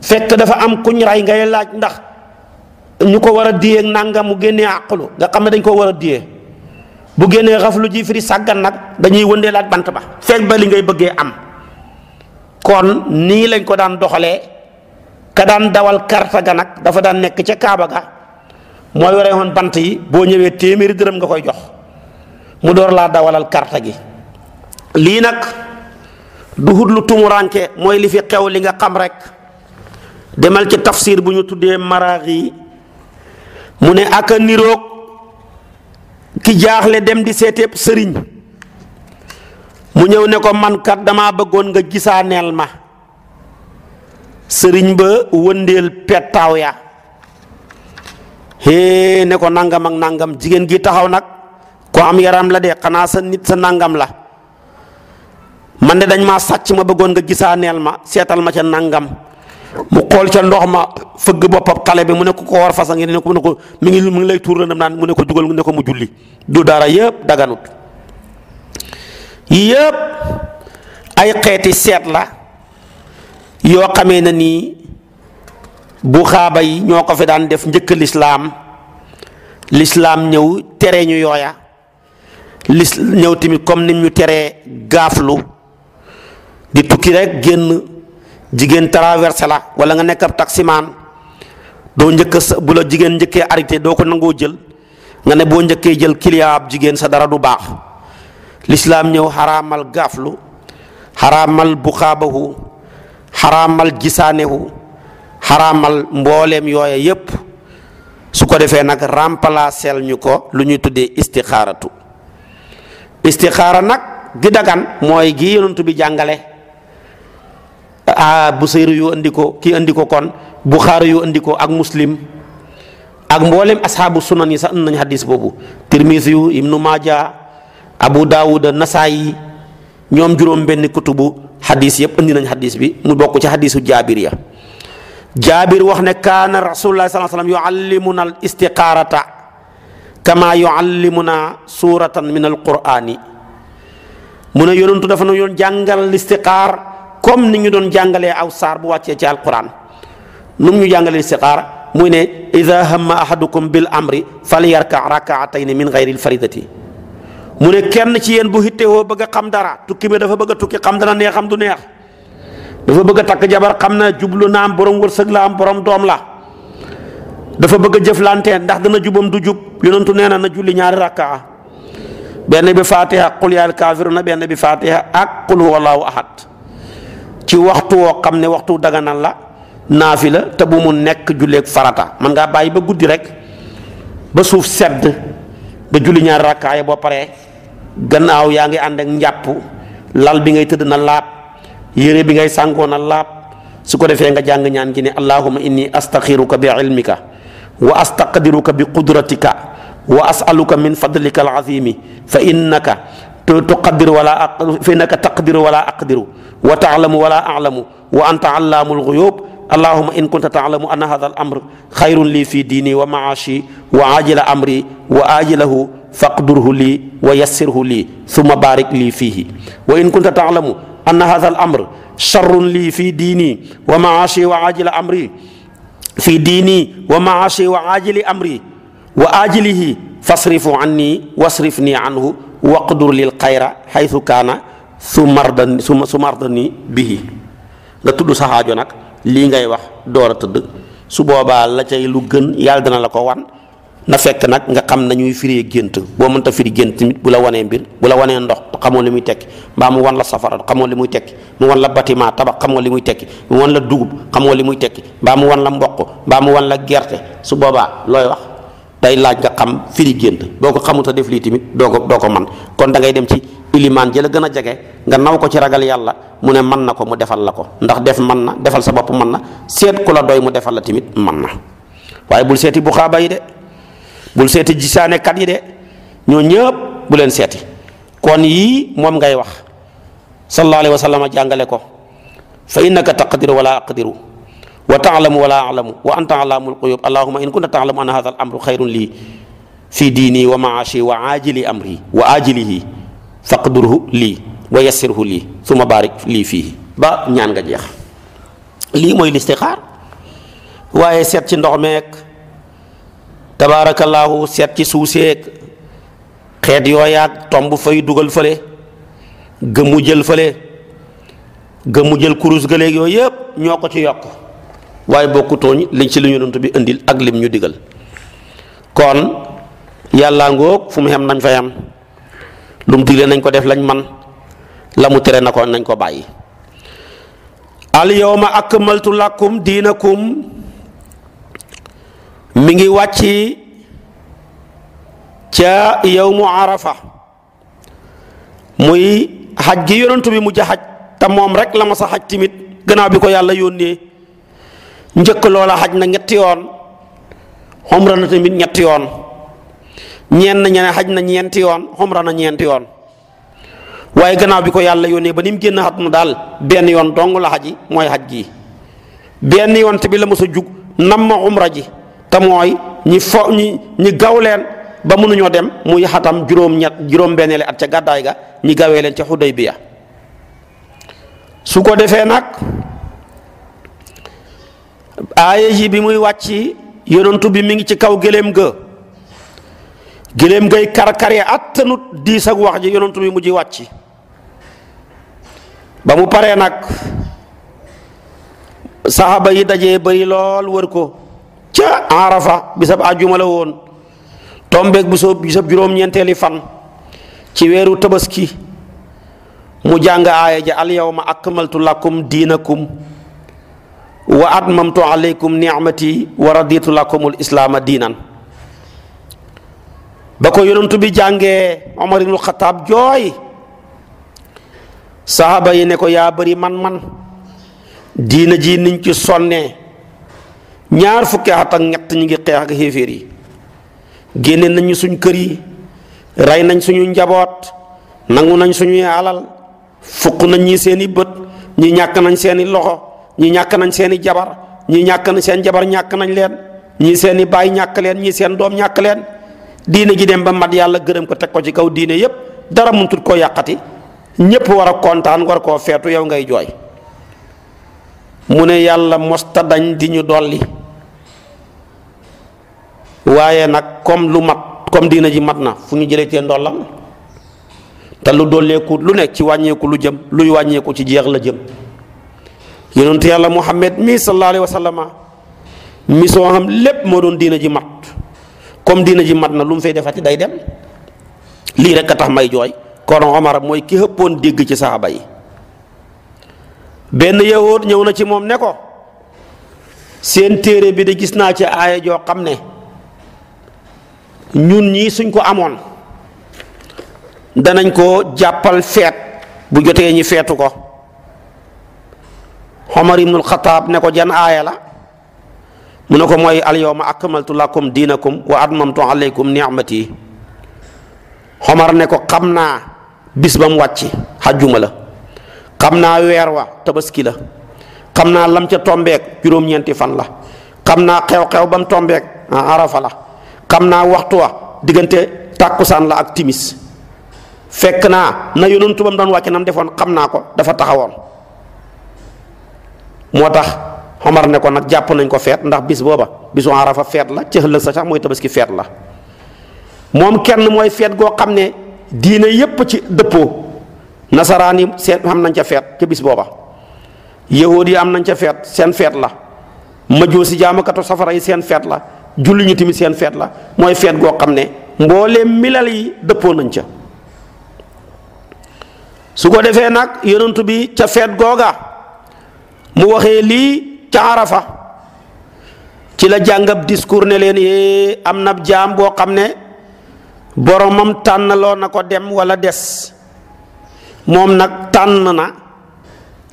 Speaker 1: fekk dafa am kuñ ray ngay laaj ndax ñu ko war a diyee nangam mu génnee àqalu nga xam ne dañ ko war a diyee bu génnee xaflu ji firi sàggan nag dañuy wëndee laaj bant ba fekk ba li ngay bëggee am kon nii lañ ko daan doxalee ka daan dawal karta ga nag dafa daan nekk ca kaaba ga mooy waree woon bant yi boo ñëwee téeméeri dërëm nga koy jox mu door laa dawalal karta gi lii nag du hut lu tumuranke mooy li fi xew li nga xam rek demal ci tafsir bu ñu tuddee maraax yi mu ne aka niroog ki jaaxle dem di seeteeb sëriñ mu ñëw ne ko mankat dama bëggoon nga gisaaneel ma sëriñ ba wëndeel pettaaw ya hée ne ko nangam ak nangam jigéen gi taxaw nag ko am yaram la de xanaa sa nit sa nangam la man de dañ maa sàcc ma bëggoon nga gisaaneel ma seetal ma ca nangam mu xool ca ndox ma fëgg boppam xale bi mu ne ko ko war fas a ngi ne ko mu ne ko ngi mi ngi lay tuur rëndam naan mu ne ko jugal ne ko mu julli du dara yëpp daganut yëpp ay xeeti seet la yoo xamee na nii bu xaaba yi ñoo ko fi def njëkk lislaam lislaam ñëw tere ñu yooya lis ñëw tamit comme ni ñu teree gaaflu di tukki rek génn jigéen traversé la wala nga nekk ab taximaan doo njëkk sa bu la jigéen njëkkee arrêté doo ko nangoo jël nga ne boo njëkkee jël client ab jigéen sa dara du baax lislaam ñëw xaraamal gaaflu xaraamal buxaabahu xaraamal gisaanehu xaraamal mbooleem yooya yépp su ko defee nag remplacer ñu ko lu ñuy tuddee istixaaratu istixaara nag gi dagan mooy gi yonent bi jàngale a Busayri yu andi ko kii andi ko kon Buxaari yu andi ak muslim ak mboolem asxaabu sunan yi sax am nañ xadis boobu Tirmisi yu Ibnu Maaja Abu Daawuda Nasaayi ñoom juróom-benn kutubu xadis yëpp andi nañ xadis bi mu bokk ci xadisu jaabir ya jaabir wax ne kaana rasulullah sallallahu alayhi wa sallam yuallimuna al istiqaarata kama yuallimuna suuratan min al qur'ani mu ne yonentu dafa na jàngal listiqaar comme ni ñu doon jàngalee aw saar bu wàccee ci alquran nu mu ñu jàngalee istixaara muy ne ida hamma ahadukum bil amri falyarka rakaatayni min gayri lfaridati mu ne kenn ci yéen bu hittewoo bëgg xam dara tukki bi dafa bëgg tukki xam dana neex xam du neex dafa bëgg takk jabar xam na jublu naam borom wërsëg la am borom doom la dafa bëgg jëf jëflante ndax dana jubam du jub yonentu nee na na julli ñaari rakkaa benn bi fatiha qul yaal kaafiruuna benn bi fatiha ci waxtu woo xam ne waxtu daganal la naafila te bu mu nekk julleeg farata man ngaa bàyyi ba guddi rek ba suuf sedd ba julli ñaar rakkaaya boo paree gannaaw yaa ngi ànd ak njàpp lal bi ngay tëdd na laab yére bi ngay sàngoo na laab su ko defee nga jàng ñaan gi ne allahuma inni astaxiruka bi ilmika wa astaqdiruka bi qudratika wa asaluka min fadlika al azimi fa innaka tuqaddiru wala fa innaka taqdiru wala aqdiru wa taalamu wala alamu wa anta allaamul guyub allahuma in kunta taalamu anna hada al amr xayrun lii fi diini wa maashi wa ajila amri wa ajilahu faqdurhu lii wa yassirhu lii summa barik lii fiihi wa in kunta taalamu anna hada al amr sharrun lii fi diini wa maashi wa ajila amri fi diini wa maashi wa ajili amri wa ajilihi fasrifu anni wasrifni anhu waqdur lil xayra xaytu kaana su mardan su su mardani bihi nga tudd sa xaajo nag lii ngay wax door a tëdd su boobaa la cay lu gën yàlla dina la ko wan na fekk nag nga xam nañuy firee gént boo mënta firi gént tamit bu la wanee mbir bu la wanee ndox xamoo li muy tekki mbaa mu wan la safara xamoo li muy tekki mu wan la bâtiment tabax xamoo li muy tekki mu wan la dugub li muy tekki mbaa mu wan la mboq mbaa mu wan la gerte su boobaa looy wax day laaj nga xam firi gént boo ko xamuta def lii tamit doo ko doo ko man kon dangay dem ci ilimaan jëla gën a jege nga naw ko ci ragal yàlla mu ne man na ko mu defal la ko ndax def man na defal sa bopp man na seet ku la doy mu defal la tamit man na waaye bul seeti bu xaaba yi de bul seeti kat yi de ñoo ñëpp bu leen seeti kon yii moom ngay wax sallallahu alayhi wa sallam jàngale ko fa innaka taqdiru wala aqdiru wa taalamu wala alamu wa anta alaamul quyub allahuma in kunta taalamu anna hada al amru xayrun lii fi diini wa maashi wa amri wa aajilihi faqdurhu lii wa yassirhu lii suma baarik lii fii ba ñaan nga jeex lii mooy listixaar waaye seet ci ndox meeg tabaarakallaahu seet ci suuseeg xeet yooyaag tomb fay dugal fale gëmmu jël fële gëmmu jël kurus gëléeg yooyu yëpp ñoo ko ci yokk waaye bokkutooñ liñ ci li yonent bi indil ak lim ñu digal kon yàlla ngoog fu mu xem nañ fa am lu mu digle nañ ko def lañ man la mu tere na ko nañ ko bàyyi al yawma akmaltu lakum diinakum mi ngi wàcc ca yow mu arafa muy xaj gi yonent bi mujj xaj te moom rek la ma sa xaj timit gannaaw bi ko yàlla yónnee njëkk loola xaj na ñetti yoon xumra na tamit ñetti yoon ñeen na ñene xaj na ñeenti yoon xumra na ñeenti yoon waaye gannaaw bi ko yàlla yónnee ba ni mu génn xat mu daal benn yoon dong la xaji mooy xaj gi benn yoon te bi la mosa a jug nam ma xumra ji te mooy ñi fo ñi ñi gaw leen ba mënuñoo dem muy xatam juróom-ñett juróom at ca gàddaay ga ñi gawee leen ca Xudaybiya su ko defee nag. aaya ji bi muy wàcc yonantu bi mi ngi ci kaw gëléem ga gëléem gay karkare attanut diis ak wax ji yonantu bi mujj wàcc ba mu paree nag saxaaba yi dajee bari lool wër ko ca arafa bisab àjjuma la woon tombeeg bu soo bisab juróom-ñeenteeli fan ci weeru tabaski mu jàng aaya ja al yawma akmaltu lakum diinakum wa atmamtu aleykum neexmati wa raditu lakumul islaama diinan ba ko yonentu bi jàngee omar xataab jooy saxaaba yi ne ko yaa bëri man-man diina ji niñ ci sonnee ñaar fukki at ñett ñu ngi xeex ak xéeféer yi génne nañu suñ kër yi rey nañ suñu njaboot nangu nañ suñuy alal fukk nañ ñi seeni bët ñi ñàkk nañ seeni loxo ñi ñàkk nañ seeni jabar ñi ñàkk na seen jabar ñàkk nañ leen ñii seeni baay ñàkk leen ñii seen doom ñàkk leen diine ji dem ba mat yàlla gërëm ko teg ko ci kaw diine yépp dara muntut koo yàqati ñépp war a kontaan war koo feetu yow ngay jooy mu ne yàlla mosta dañ di ñu dolli waaye nag comme lu mat comme diina ji mat na fu ñu jëlee tee ndollam te lu dolleeku lu nekk ci wàññeeku lu jëm luy wàññeeku ci jeex la jëm yonent yàlla Muhammad mi sallallahu alayhi mission lépp moo doon diina ji mat comme diina ji mat na lu mu defar ci day dem lii rek a tax may jooy kon Omar mooy ki xëppoon dégg ci saxaaba yi benn yahood ñëw na ci moom ne ko seen téere bi de gis naa ci aaya joo xam ne ñun ñii suñ ko amoon danañ ko jàppal feet bu jotee ñi feetu ko Omar ibnul Xataab ne ko jan aaya la mu ne ko mooy alyawma akmaltu lakum diinakum wa atmamtu alaykum ni'mati Omar ne ko xam naa bis ba mu wàcc xajjuma la xam naa weer wa tabaski la xam naa lam ca tombeek juróom-ñeenti fan la xam naa xew-xew ba mu tombeek ah, arafa la xam naa waxtu wa diggante tàkkusaan la ak timis fekk naa na yonentu ba mu wàcc na mu defoon xam naa ko dafa taxawoon moo tax Omar ne ko nag jàpp nañ ko feet ndax bis booba bisu Arafa feet la ci ëllëg sa sax mooy tabaski feet la moom kenn mooy feet goo xam ne diine yépp ci dëppoo nasaraan yi seen am nañ ca feet ca bis yi am nañ ca feet seen feet la majuusi jaamakatu safara yi seen feet la julli ñu seen feet la mooy feet goo xam ne mbooleem milal yi dëppoo nañ ca su ko defee nag yonent bi ca feet googa mu waxee lii ca Arafa ci la jàngab discours ne leen yee am na jaam boo xam ne boromam tànnaloo na ko dem wala des moom nag tànn na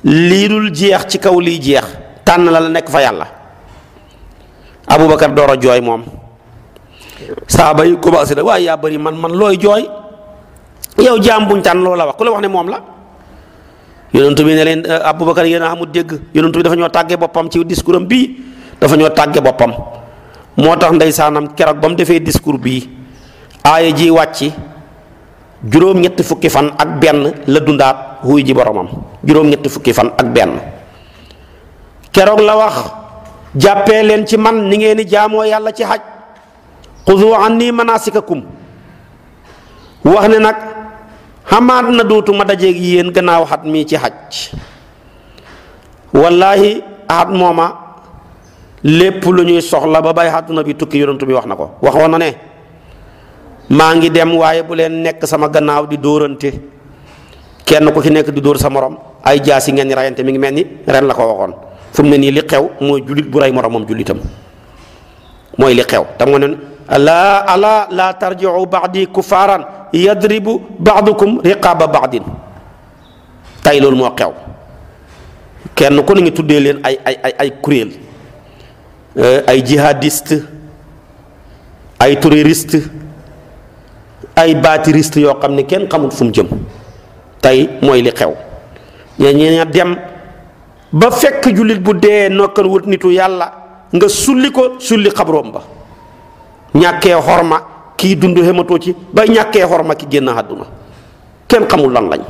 Speaker 1: lii dul jeex ci kaw lii jeex tànn la la nekk fa yàlla Aboubacar door jooy moom saaba yi commencé waaye yaa bari man man looy jooy yow jaam buñ tànn loo la wax ku la wax ne moom la. yonentu bi ne leen eh, Aboubacar yéen a amul dégg yonentu bi dafa ñoo tàggee boppam ci discours am bii dafa ñoo tàggee boppam moo tax ndeysaanam keroog ba mu defee discours bii aaya ji wàcc juróom-ñetti fukki fan ak benn la dundaat wuy ji boromam juróom-ñetti fukki fan ak benn keroog la wax jàppee leen ci man ni ngeen di jaamoo yàlla ci xaj xudu anni manasikakum wax ne nag xamaat na dootuma dajeeg yéen gannaaw xat mi ci xaj wallaahi xat mooma lépp lu ñuy soxla ba bay xatuna bi tukki yonentu bi wax na ko waxoon na ne maa ngi dem waaye bu leen nekk sama gannaaw di dóorante kenn ku ci nekk di dóor sa morom ay jaasi ngeen ni rayante mi ngi mel ni ren la ko waxoon fu mu ne nii li xew mooy jullit bu rey moromam jullitam mooy li xew tam nga ne alaa alaa laa tarjiu baadi kufaaran yadribu baadukum riqaaba baadin tey loolu moo xew kenn ku ne ñu tuddee leen ay ay ay ay kuréel eh, ay jihadiste ay terroriste ay baatiriste yoo xam ne kenn xamul fu mu jëm tey mooy li xew ñee dem ba fekk jullit bu dee nokkal wut nitu yàlla nga sulli ko sulli xabroom ba ñàkkee xorma kii dund xematoo ci ba ñàkkee xorma ki génn àdduna kenn xamul lan lañ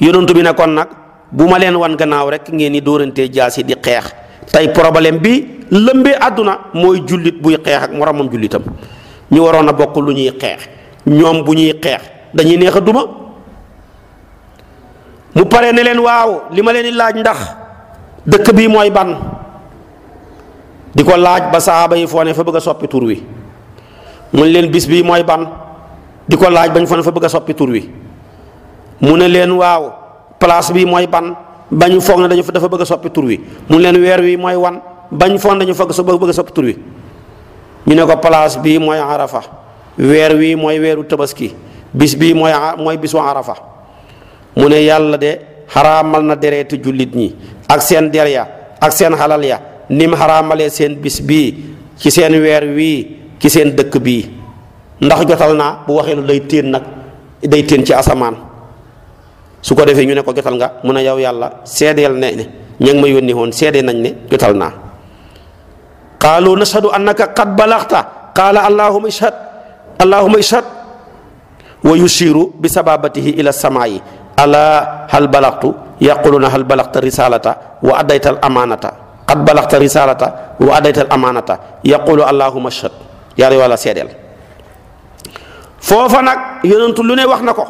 Speaker 1: yonent bi ne kon nag bu ma leen wan gannaaw rek ngeen di dóorantee jaasi di xeex tey problème bi lëmbee àdduna mooy jullit buy xeex ak moromam ñu waroon a bokk lu ñuy xeex ñoom bu ñuy xeex dañuy neex a duma mu pare ne leen waaw li ma leen di laaj ndax dëkk bii mooy ban di ko laaj ba saaba yi foo ne fa bëgg a soppi tur wi mu ne leen bis bii mooy ban di ko laaj bañ fa ne fa bëgg a soppi tur wi mu ne leen waaw place bii mooy ban bañ foog ne dañu fa dafa bëgg a soppi tur wi leen weer wi mooy wan bañ foog ne dañu fa bëgg a soppi ñu ne ko place bii mooy arafa weer wii mooy weeru tabaski bis bii mooy mooy bisu arafa mu ne yàlla de xaramal na dereetu jullit ñi ak seen der ya ak seen xalal ya nim xaraamalee seen bis bii ci seen weer wii ci seen dëkk bii ndax jotal naa bu waxee lu day téen nag day téen ci asamaan su ko defee ñu ne ko jotal nga mun a yow yàlla seedeel ne ne may ngi ma yónni woon seede nañ ne jotal naa qaalu nashhadu annaka qad balaxta qaala allahuma ishhad allahuma ishhad wa yushiru bi sababatihi ila samaayi ala hal balaxtu yaquluna hal balaxta risalata wa addayta amaanata qad balaxta risalata wa addayta amaanata yaqulu allahuma ishhad yàlla yàlla seedeel foofa nag yonentu lu ne wax na ko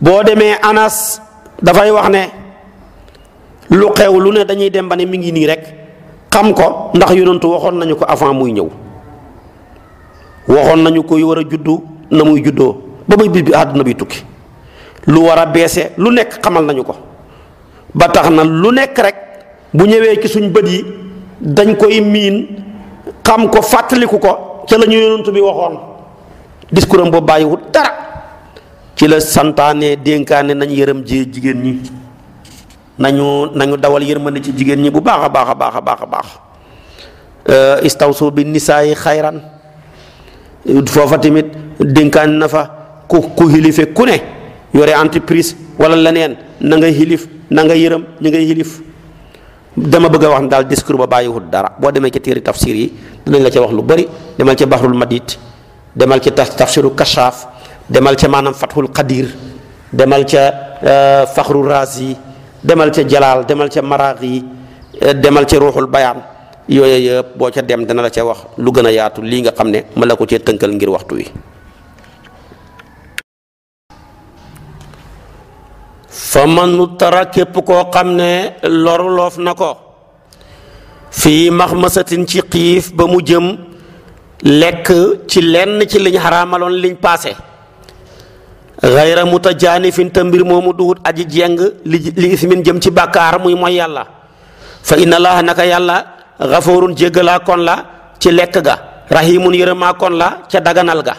Speaker 1: boo demee anas dafay wax ne lu xew lu ne dañuy dem ba ne mi ngi nii rek xam ko ndax yonentu waxoon nañu ko avant muy ñëw waxoon nañu koy war a juddu na muy juddoo ba muy bis bi àdduna bi tukki lu war a beese lu nekk xamal nañu ko ba tax na lu nekk rek bu ñëwee ci suñ bët yi dañ koy miin xam ko fàttaliku ko ca la ñu yonent bi waxoon discours am boobu bàyyiwut dara ci la santaane dénkaane nañ yërëm ji jigéen ñi nañu nañu dawal yërmande ci jigéen ñi bu baax a baax a baax a baax a baax euh, istawsu bi nisaayi xayran foofa tamit dénkaan na fa ku ku xilife ku ne yore entreprise wala leneen na nga xilif yërëm ñi ngay xilif dama bëgg a wax ne daal discours ba bàyyiwul dara boo demee ci téeri tafsir yi dinañ la ca wax lu bëri demal ca bahrul madid demal ca tafsiru kashaaf demal ca maanaam fathul qadir demal ca euh, faxru yi demal ca jalaal demal ca maraax yi euh, demal ca ruuxul bayaan yooyu yëpp boo ca dem dana la ca wax lu gën a yaatu lii nga xam ne ma la ko cee tënkal ngir waxtu wi fa manu tara képp koo xam ne loru loof na ko fii max masatin ci xiif ba mu jëm lekk ci lenn ci liñ xaraamaloon liñ paase xayra mutajaanifin te mbir moomu duhut aji jeng li li jëm ci bàkkaar muy mooy yàlla fa inna laaha naka yàlla xafoorun jéggalaa kon la ci lekk ga rahimun yërëmaa kon la ca daganal ga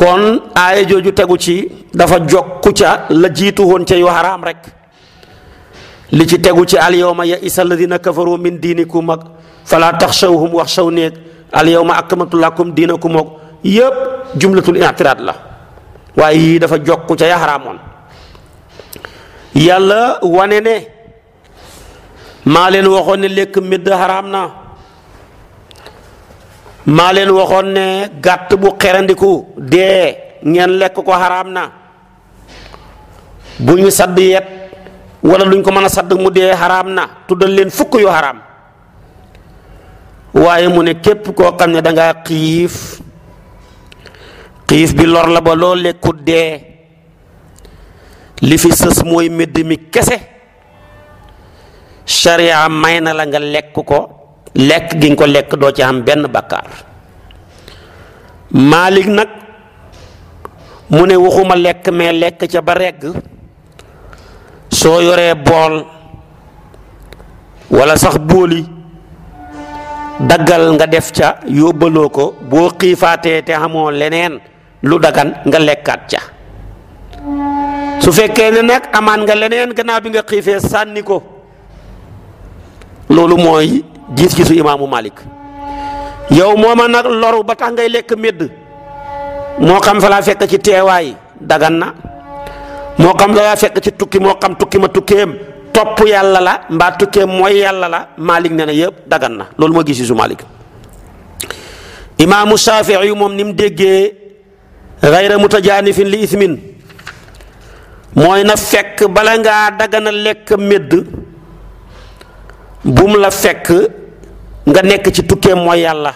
Speaker 1: kon aaya jooju tegu ci dafa jokku ca la jiitu woon ca yu xaraam rek li ci tegu ci alyawma ya isa alladina kafaru min diinikum ak fala taxshawhum waxshaw neeg alyawma akmaltu lakum diinakum ak yépp jumlatul i'tiraad la waaye yii dafa jokku ca ya xaraamoon yàlla wane ne maa leen waxoon ne lekk medd xaraam na maa leen waxoon ne gàtt bu xerandiku dee ngeen lekk ko xaraam na bu ñu sadd yet wala duñ ko mën a sadd mu dee xaraam na tuddal leen fukk yu xaraam waaye mu ne képp koo xam ne danga xiif xiif bi lor la ba loo lekkut dee li fi sës mooy medd mi kese sharia may na la nga lekk ko lekk gi ko lekk doo ci am benn bakkaar Maalik nag mu ne waxuma lekk mais lekk ca ba regg soo yoree bool wala sax bóoli daggal nga def ca yóbbaloo ko boo xiifaatee te xamoo leneen lu dagan nga lekkaat ca
Speaker 2: su fekkee ne nag amaan nga leneen
Speaker 1: gannaaw bi nga xiifee sànni ko loolu mooy gis-gisu imaamu Malik yow mooma nag loru ba tax ngay lekk médd moo xam fa laa fekk ci teewaay dagan na moo xam la laa fekk ci tukki moo xam tukki ma tukkeem topp yàlla la mbaa tukkeem mooy yàlla la Malik ne na yëpp dagan na loolu mooy gis-gisu Malik imaamu Shafii yu moom ni mu déggee gayra mutajaanifin li ismin mooy na fekk bala ngaa dagana lekk médd bu mu la fekk nga nekk ci tukkee mooy yàlla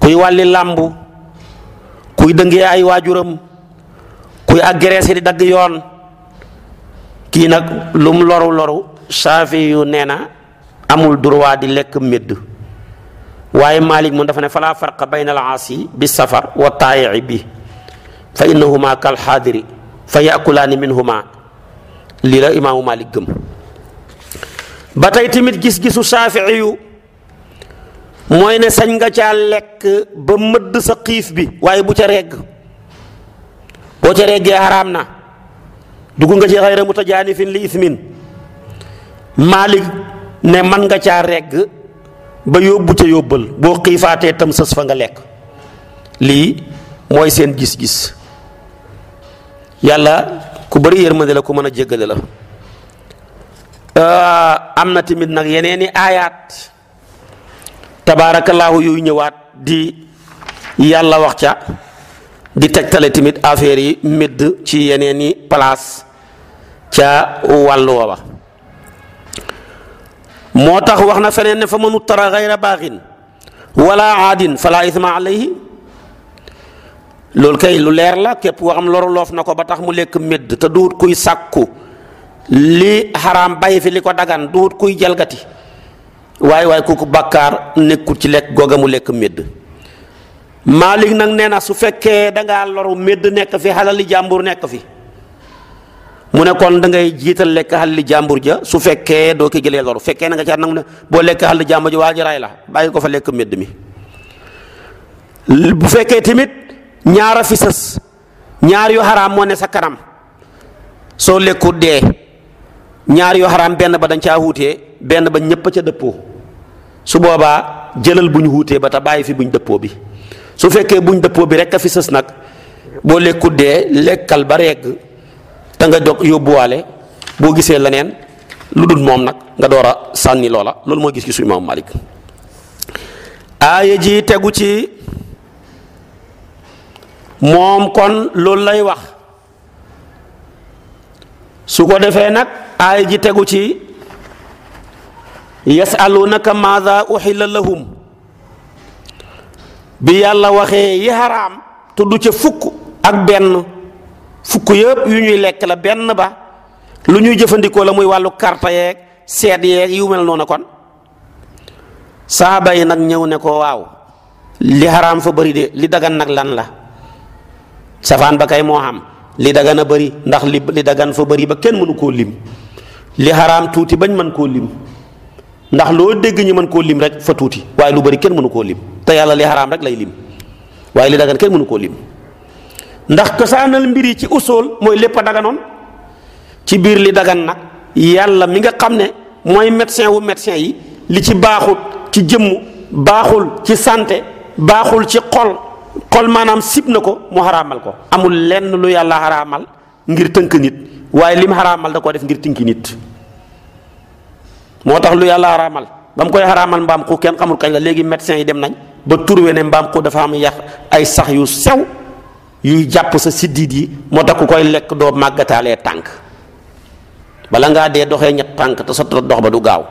Speaker 1: kuy wàlli làmb kuy dëngee ay waajuram kuy agressé di dagg yoon kii nag lu mu loru loru saafi yu na amul droit di lekk médd waaye Malik mu dafa ne falaa farqa bayna al aasi bi safar wa taayici bi fa innahuma kal xaadiri fa yakulaani minhuma lii la imaamu Malik gëm ba tey tamit gis-gisu saafii yu mooy ne sañ nga caa lekk ba mëdd sa xiif bi waaye bu ca regg boo ca reggee xaraam na dugg nga ci xayra mutajaanifin li ismin Malik ne man nga caa reg ba yóbbu ca yóbbal boo xiifaatee tam sës fa nga lekk lii mooy seen gis-gis yàlla ku bari yërmande la ku mën a jéggale la Ah, am na tamit nag yeneeni aayaat tabaarakallaahu yuy ñëwaat di yàlla wax ca di tegtale tamit affaire yi médd ci yeneeni place ca wàllu woowa moo tax wax na feneen ne fa man uttara gayra wala àddin fala isma alayhi loolu kay lu leer la képp waxam loru loof na ko ba tax mu lekk médd te duut kuy sàkku li xaraam bàyyi fi li ko dagan duut kuy jalgati waaye waaye kooku bàkkaar nekkul ci lekk googa mu lekk médd Maalik nag nee na su fekkee danga loru medd nekk fi xalali jàmbur nekk fi mu ne kon jiital lekk xalali jàmbur ja su fekkee doo ko jëlee loru fekkee na nga ca nag ne boo lekk xalali jàmbur ja waa ji la bàyyi ko fa lekk médd mi bu fekkee tamit ñaara fi sës ñaar yu xaraam moo ne sa kanam soo lekku dee ñaar yu benn ba dañ caa wutee benn ba ñëpp ca dëppoo su boobaa jëlal bu ñu wuutee ba te bàyyi fi buñ dëppoo bi su fekkee buñ dëppoo bi rek a fi sës nag boo lekkut dee lekkal ba regg te nga dog yóbbuwaale boo gisee leneen lu dul moom nag nga door a sànni loola loolu mooy gis gi suñu maam Malik aaya ji tegu ci moom kon loolu lay wax su ko defee nag. aay ji tegu ci yasalunaka maada uxilla lahum bi yàlla waxee yi xaraam tudd ca fukk ak benn fukk yëpp yu ñuy lekk la benn ba lu ñuy jëfandikoo la muy wàllu karta yeeg seet yeeg yu mel noonu kon saaba yi nag ñëw ne ko waaw li xaraam fa bëri de li dagan nag lan la safaan ba kay moo xam li dagan a bëri ndax li li fa bëri ba kenn mënu koo lim li xaraam tuuti bañ mën koo lim ndax loo dégg ñu mën koo lim rek fa tuuti waaye lu bari kenn mënu koo lim te yàlla li xaraam rek lay lim waaye li dagan kenn mënu koo lim ndax cosaanal mbir yi ci usool mooy lépp a daganoon ci biir li dagan nag yàlla mi nga xam ne mooy médecin wu médecin yi li ci baaxul ci jëmm baaxul ci santé baaxul ci xol xol maanaam sib na ko mu xaraamal ko amul lenn lu yàlla xaraamal ngir tënk nit waaye lim xaraamal da koo def ngir tinki nit moo tax lu yàlla xaraamal ba mu koy xaraamal mbaam xuux kenn xamul kañ la léegi médecins yi dem nañ ba turwe ne mbaam xuux dafa am yax ay sax yu sew yuy jàpp sa siddiit yi moo tax ku koy lekk doo màggataalee tànk bala ngaa dee doxee ñett tànk te sa dox ba du gaaw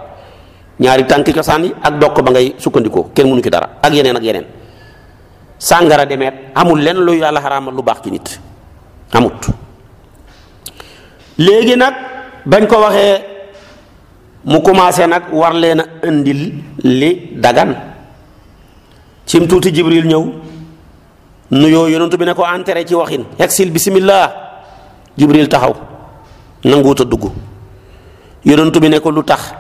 Speaker 1: ñaari tànk cosaan yi ak dokk ba ngay sukkandikoo kenn mënu ci dara ak yeneen ak yeneen sàngara demeet amul lenn lu yàlla xaraamal lu baax ci nit léegi nag bañ ko waxee mu commencé nag war leen a indi li dagan cim tuuti jibril ñëw nuyoo yonentu bi ne ko entré ci waxin exil bismillah jibril taxaw nanguwut dugg yonentu bi ne ko lu tax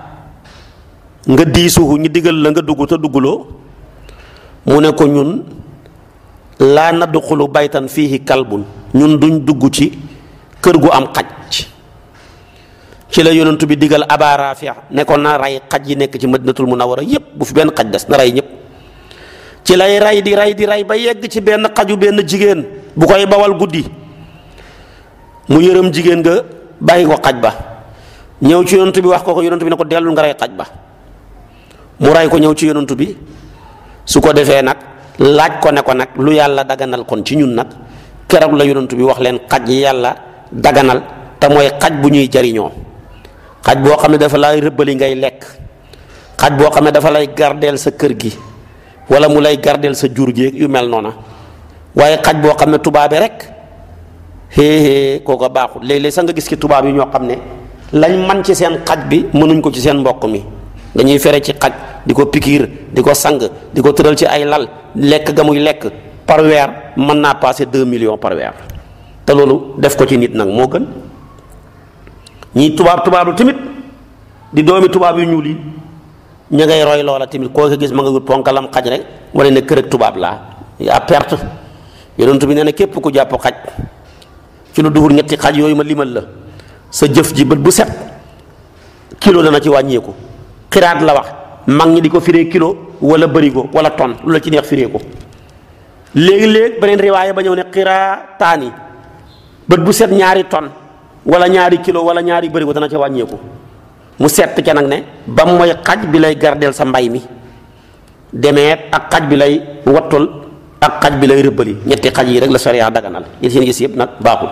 Speaker 1: nga diisuhu ñi digal la nga dugg te dugguloo mu ne ko ñun laa nadxulu baytan fiihi kalbun ñun duñ dugg ci kër gu am xaj ci la yonantu bi digal Aba Raafi nekkoon na rey xaj yi nekk ci war a yépp bu fi benn xaj des na rey ñëpp ci lay rey di rey di rey ba yegg ci benn xaju benn jigéen bu koy bawal guddi mu yërëm jigéen nga bàyyi ko xaj ba ñëw ci yonantu bi wax ko ko yonantu bi ne ko dellul nga rey xaj ba mu rey ko ñëw ci yonantu bi su ko defee nag laaj ko ne ko nag lu yàlla dagganal kon ci ñun nag keroog la yonantu bi wax leen xaj yi yàlla dagganal te mooy xaj bu ñuy jariñoo xaj boo xam ne dafa lay rëbbali ngay lekk xaj boo xam ne dafa lay gardeel sa kër gi wala mu lay gardeel sa jur gi yu mel noona waaye xaj boo xam ne tubaabe rek xéexée kooka baaxul léeg-léeg sax nga gis ci tubaab yi ñoo xam ne lañ man ci seen xaj bi mënuñ ko ci seen mbokk mi dañuy fere ci xaj di ko pikiir di ko sang di ko tëral ci ay lal lekk ga muy lekk par weer mën naa passé deux millions par weer te loolu def ko ci nit nag moo gën ñi tubaab tubaab tamit di doomi tubaab yu ñuul yi ña ngay roy loola tamit koo ko gis ma nga wut ponkalam xaj rek wala ne kër ak tubaab laa yaa perte yonent bi nee képp ku jàpp xaj ci lu ñetti xaj yooyu ma limal la sa jëf ji bët bu set kilo dana ci wàññeeku xiraat la wax mag ñi di ko firee kilo wala bërigo wala ton lu la ci neex firee ko léegi-léeg beneen riwaaya ba ñëw ne xiraa taani bët bu set ñaari ton wala ñaari kilo wala ñaari bërigo dana ca wàññeeku mu set ca nag ne ba mooy xaj bi lay gardeel sa mbay mi demeet ak xaj bi lay wattul ak xaj bi lay rëbbali ñetti xaj yi rek la sariya daganal yéen seen gis yëpp nag baaxul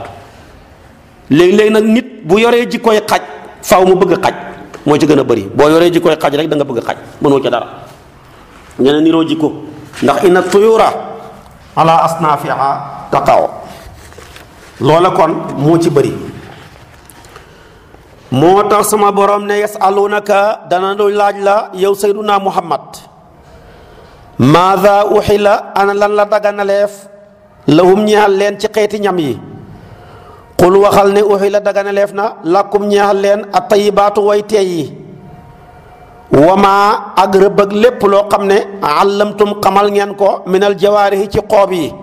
Speaker 1: léegi-léegi nag nit bu yoree jikkooy xaj faaw mu bëgg xaj moo ci gën a bëri boo yoree jikkooy xaj rek da nga bëgg xaj mënoo ca dara ngeen a niroo jikko ndax inna tuyura ala asnafiha taqaw loola kon moo ci bëri moo tax sama borom ne yasalunaka dana lu laaj la yow sayduna muhammad maada uxila ana lan la daganaleef lahum ñeexal leen ci xeeti ñam yi qul waxal ne uxila daganaleef na làkkum ñeexal leen a tayibaatu way teey yi wamaa ak rëbb lépp loo xam ne àllamtum xamal ngeen ko minal jawaarihi ci xoob yi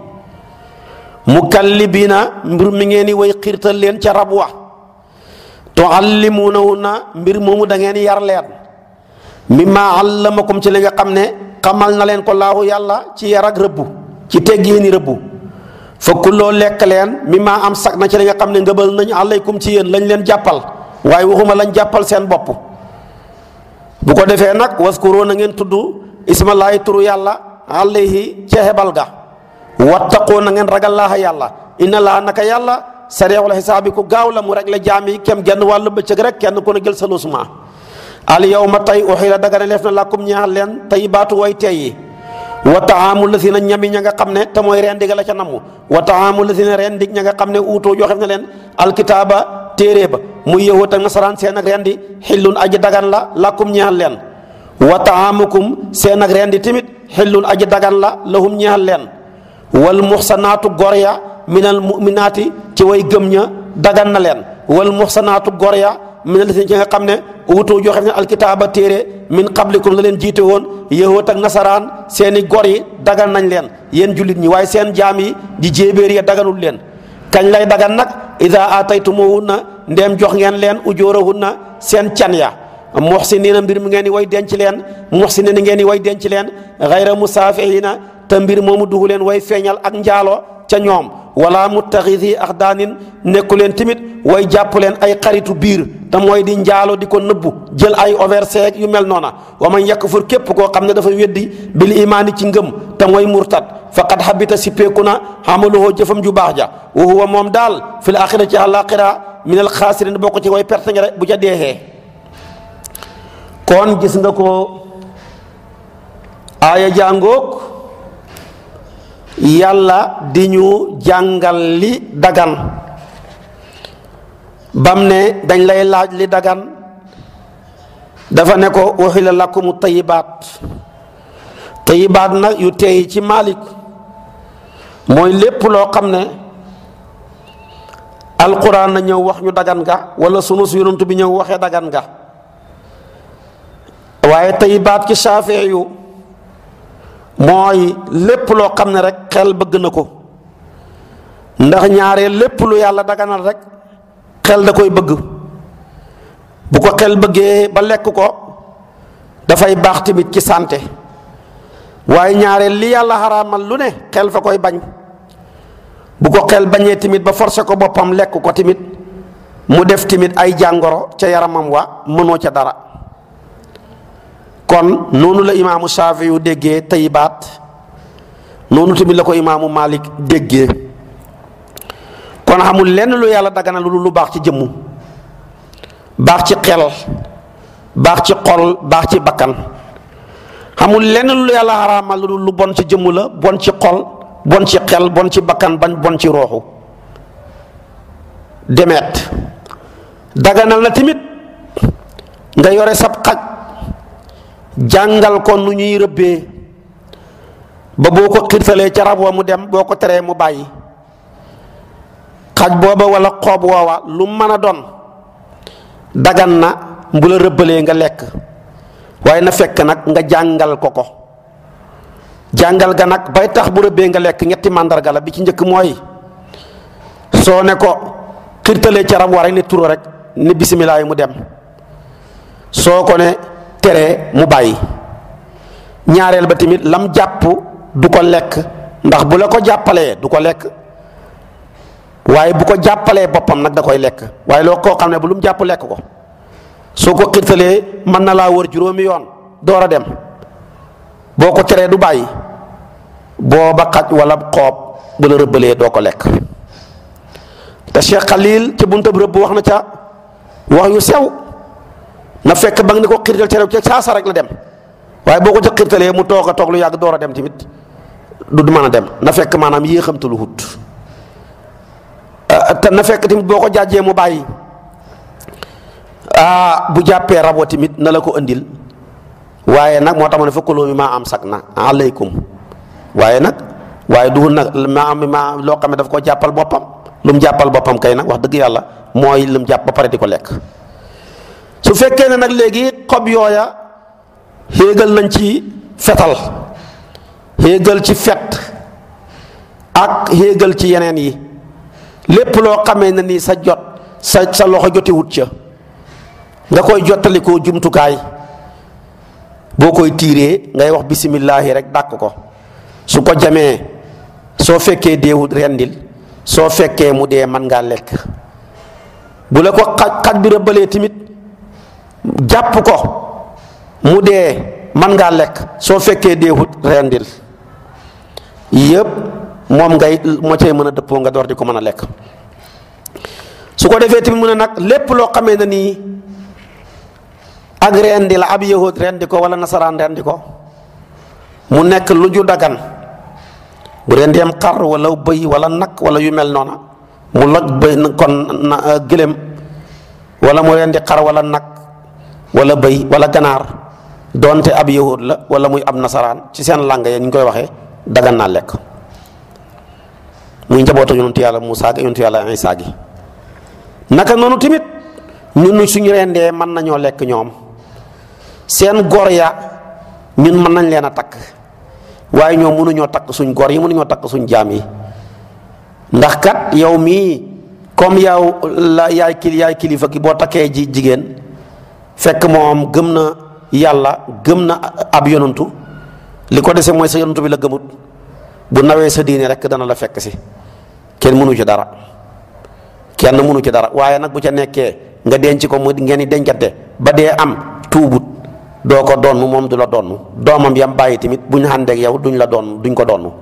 Speaker 1: mu mukallibiina mbir mi ngeen di way xiirtal leen ca rab wa tuallimuunahunna mbir moomu da ngeen yar leen ma kom ci li nga xam ne xamal na leen ko laahu yàlla ci yar ak rëbbu ci teggiini rëbbu fa loo lekk leen mimmaa am sag na ci li nga xam ne ngëbal nañu alaykum ci yéen lañ leen jàppal waaye waxuma lañ jàppal seen bopp bu ko defee nag waskuru na ngeen tudd ismalaayi turu yàlla alayhi ca hebal ga wattaqu na ngeen ragal laaha yàlla inna laa naka yàlla sariixul xisaab bi ku gaaw la mu rek la jaam yi kem genn wàllu bëccëg rek kenn ku ne jël sa lusma al yawma tey uxila dagana leef na làkkum ñaar leen tey baatu way teyi wa taamu lasina ñami ña nga xam ne te mooy reen la ca namm wa taamu la reen dig ña nga xam ne uutoo joxe na leen alkitaaba téere ba mu yahut ak nasaraan seen ak reen di xillun aji dagan la làkkum ñaar leen wa taamukum seen ak reen di tamit xillun aj dagan la lahum ñaar leen wal muxsanaatu gor ya minal muminaati ci way gëm ña dagan na leen wal muxsanaatu gor ya minal lesi ci nga xam ne wutu joo xam ne alkitaaba téere min qablikum la leen jiite woon yahoot ak nasaraan seeni gor yi dagan nañ leen yéen jullit ñi waaye seen jaam yi di jéebéer ya daganul leen kañ lay dagan nag ida ataytumuhunna ndem jox ngeen leen ujoorahunna seen can ya muxsinina mbir mu ngeen di way denc leen muxsinina ngeen di way denc leen xayra musaafihina te mbir moomu duhu leen way feeñal ak njaalo ca ñoom wala muttaxisi axdaanin nekku leen tamit way jàpp leen ay xaritu biir te mooy di njaalo di ko nëbbu jël ay overseeg yu mel noona wa man yakfur képp koo xam ne dafa weddi bil imaani ci ngëm te mooy murtat faqad habita sippeeku na amaluhu jëfam ju baax ja wa moom daal fil axira ci àllaaxira min al xaasirin bokk ci way perte nga bu ca deexee kon gis nga ko aaya jàngoog yàlla di ñu jàngal li dagan bam ne dañ lay laaj li dagan dafa ne ko uhilla lakumu tayibaat tayibaat nag yu teey ci Malik mooy lépp loo xam ne alquran na ñëw wax ñu dagan nga wala sunu yonent bi ñëw waxee dagan nga waaye tayibaat ci Shaafi'i yu mooy lépp loo xam ne rek xel bëgg na ko ndax ñaaree lépp lu yàlla daganal rek xel da koy bëgg bu ko xel bëggee ba lekk ko dafay baax tamit ci santé waaye ñaaree li yàlla xaraamal lu ne xel fa koy bañ bu ko xel bañee tamit ba forcé ko boppam lekk ko tamit mu def tamit ay jàngoro ca yaramam wa mënoo ca dara kon noonu la imaamu saafi yu déggee tayibaat noonu tamit la ko imaamu malik déggee kon xamul lenn lu yàlla dagana lu lu baax ci jëmm baax ci xel baax ci xol baax ci bakkan xamul lenn lu yàlla xaraamal lu bon ci jëmm la bon ci xol bon ci xel bon ci bakkan bañ bon ci rooxu demeet daganal na tamit nga yore sab jàngal ko nu ñuy rëbbee ba boo ko xirtalee ca rab wa mu dem boo ko teree mu bàyyi xaj booba walla xoob woowa lu mën a doon dagan na bu la rëbbalee nga lekk waaye na fekk nag nga jàngal ko ko jàngal ga nag bay tax bu rëbbee nga lekk ñetti màndarga la bi ci njëkk mooy soo ne ko xirtalee ca rab wa rek ne turo rek ne bisimilaay mu dem soo ko ne teree mu bàyyi ñaareel ba tamit lam jàpp du ko lekk ndax bu la ko jàppalee du ko lekk waaye bu ko jàppalee boppam nag da koy lekk waaye loo koo xam ne bu lu mu jàpp lekk ko soo ko xirtalee mën na laa wër juróomi yoon door a dem boo ko teree du bàyyi booba xaj wala xoob bu la rëbbalee doo ko lekk te Cheikh Khalil ci buntab rëbb wax na ca wax yu sew na fekk ba nga ni ko xirtal ca ca saasa rek la dem waaye boo ko ca xirtalee mu toog a toog lu yàgg door a dem tamit du mën a dem na fekk maanaam yéexamtu lu hut ah, te na fekk tamit boo ko jàjjee mu bàyyi ah bu jàppee rabo tamit na la ko andil waaye nag moo tax ma ne fa kuloo bi maa am sag na aleykum waaye nag waaye du nag maa am maa loo xam ne daf koo jàppal boppam lu mu jàppal boppam kay nag wax dëgg yàlla mooy lu mu jàpp ba pare di ko lekk. su fekkee ne nag léegi xob yooya xéegal nañ ci fetal xéegal ci fet ak xéegal ci yeneen yi lépp loo xamee na ni sa jot sa sa loxo jotiwut ca nga koy jottalikoo jumtukaay boo koy tiiree ngay wax bisimillahi rek dàq ko su ko jamee soo fekkee deewut rendil soo fekkee mu dee man ngaa lekk bu la ko xaj xaj bi rëbbalee tamit jàpp ko mu dee man ngaa lekk soo fekkee deewut rendil yëpp moom ngay moo cay mën a dëppoo nga door di ko mën a lekk su ko defee tamit mu ne nag lépp loo xamee ne nii ak rendi la ab yahud rendi ko wala nasaraan rendi ko mu nekk lu ju dagan bu rendeem xar wala bëy wala nag wala yu mel noona mu loj bëy kon na walla wala mu rendi xar wala nag wala bëy wala ganaar doonte ab yahud la wala muy ab nasaraan ci seen làng ya ñu koy waxee dagan naa lekk muy njabootu yonentu yàlla Muusaa gi yonentu yàlla Isaa gi naka noonu tamit ñun suñu rendee mën nañoo lekk ñoom seen góor ya ñun mën nañ leen a takk waaye ñoom mënuñoo takk suñ góor yi mënuñoo takk suñ jaam yi ndax kat yow mii comme yow yaay kil yaay kilifa ki boo takkee ji jigéen fekk moom gëm na yàlla gëm na ab yonantu li ko dese mooy sa yonantu bi la gëmut bu nawee sa diine rek dana la fekk si kenn mënu ci dara kenn mënu ci dara waaye nag bu ca nekkee nga denc ko mu ngeen di dencante ba dee am tuubut doo ko donn moom du la donn doomam yam bàyyi tamit bu ñu àndeek yow duñ la donn duñ ko donn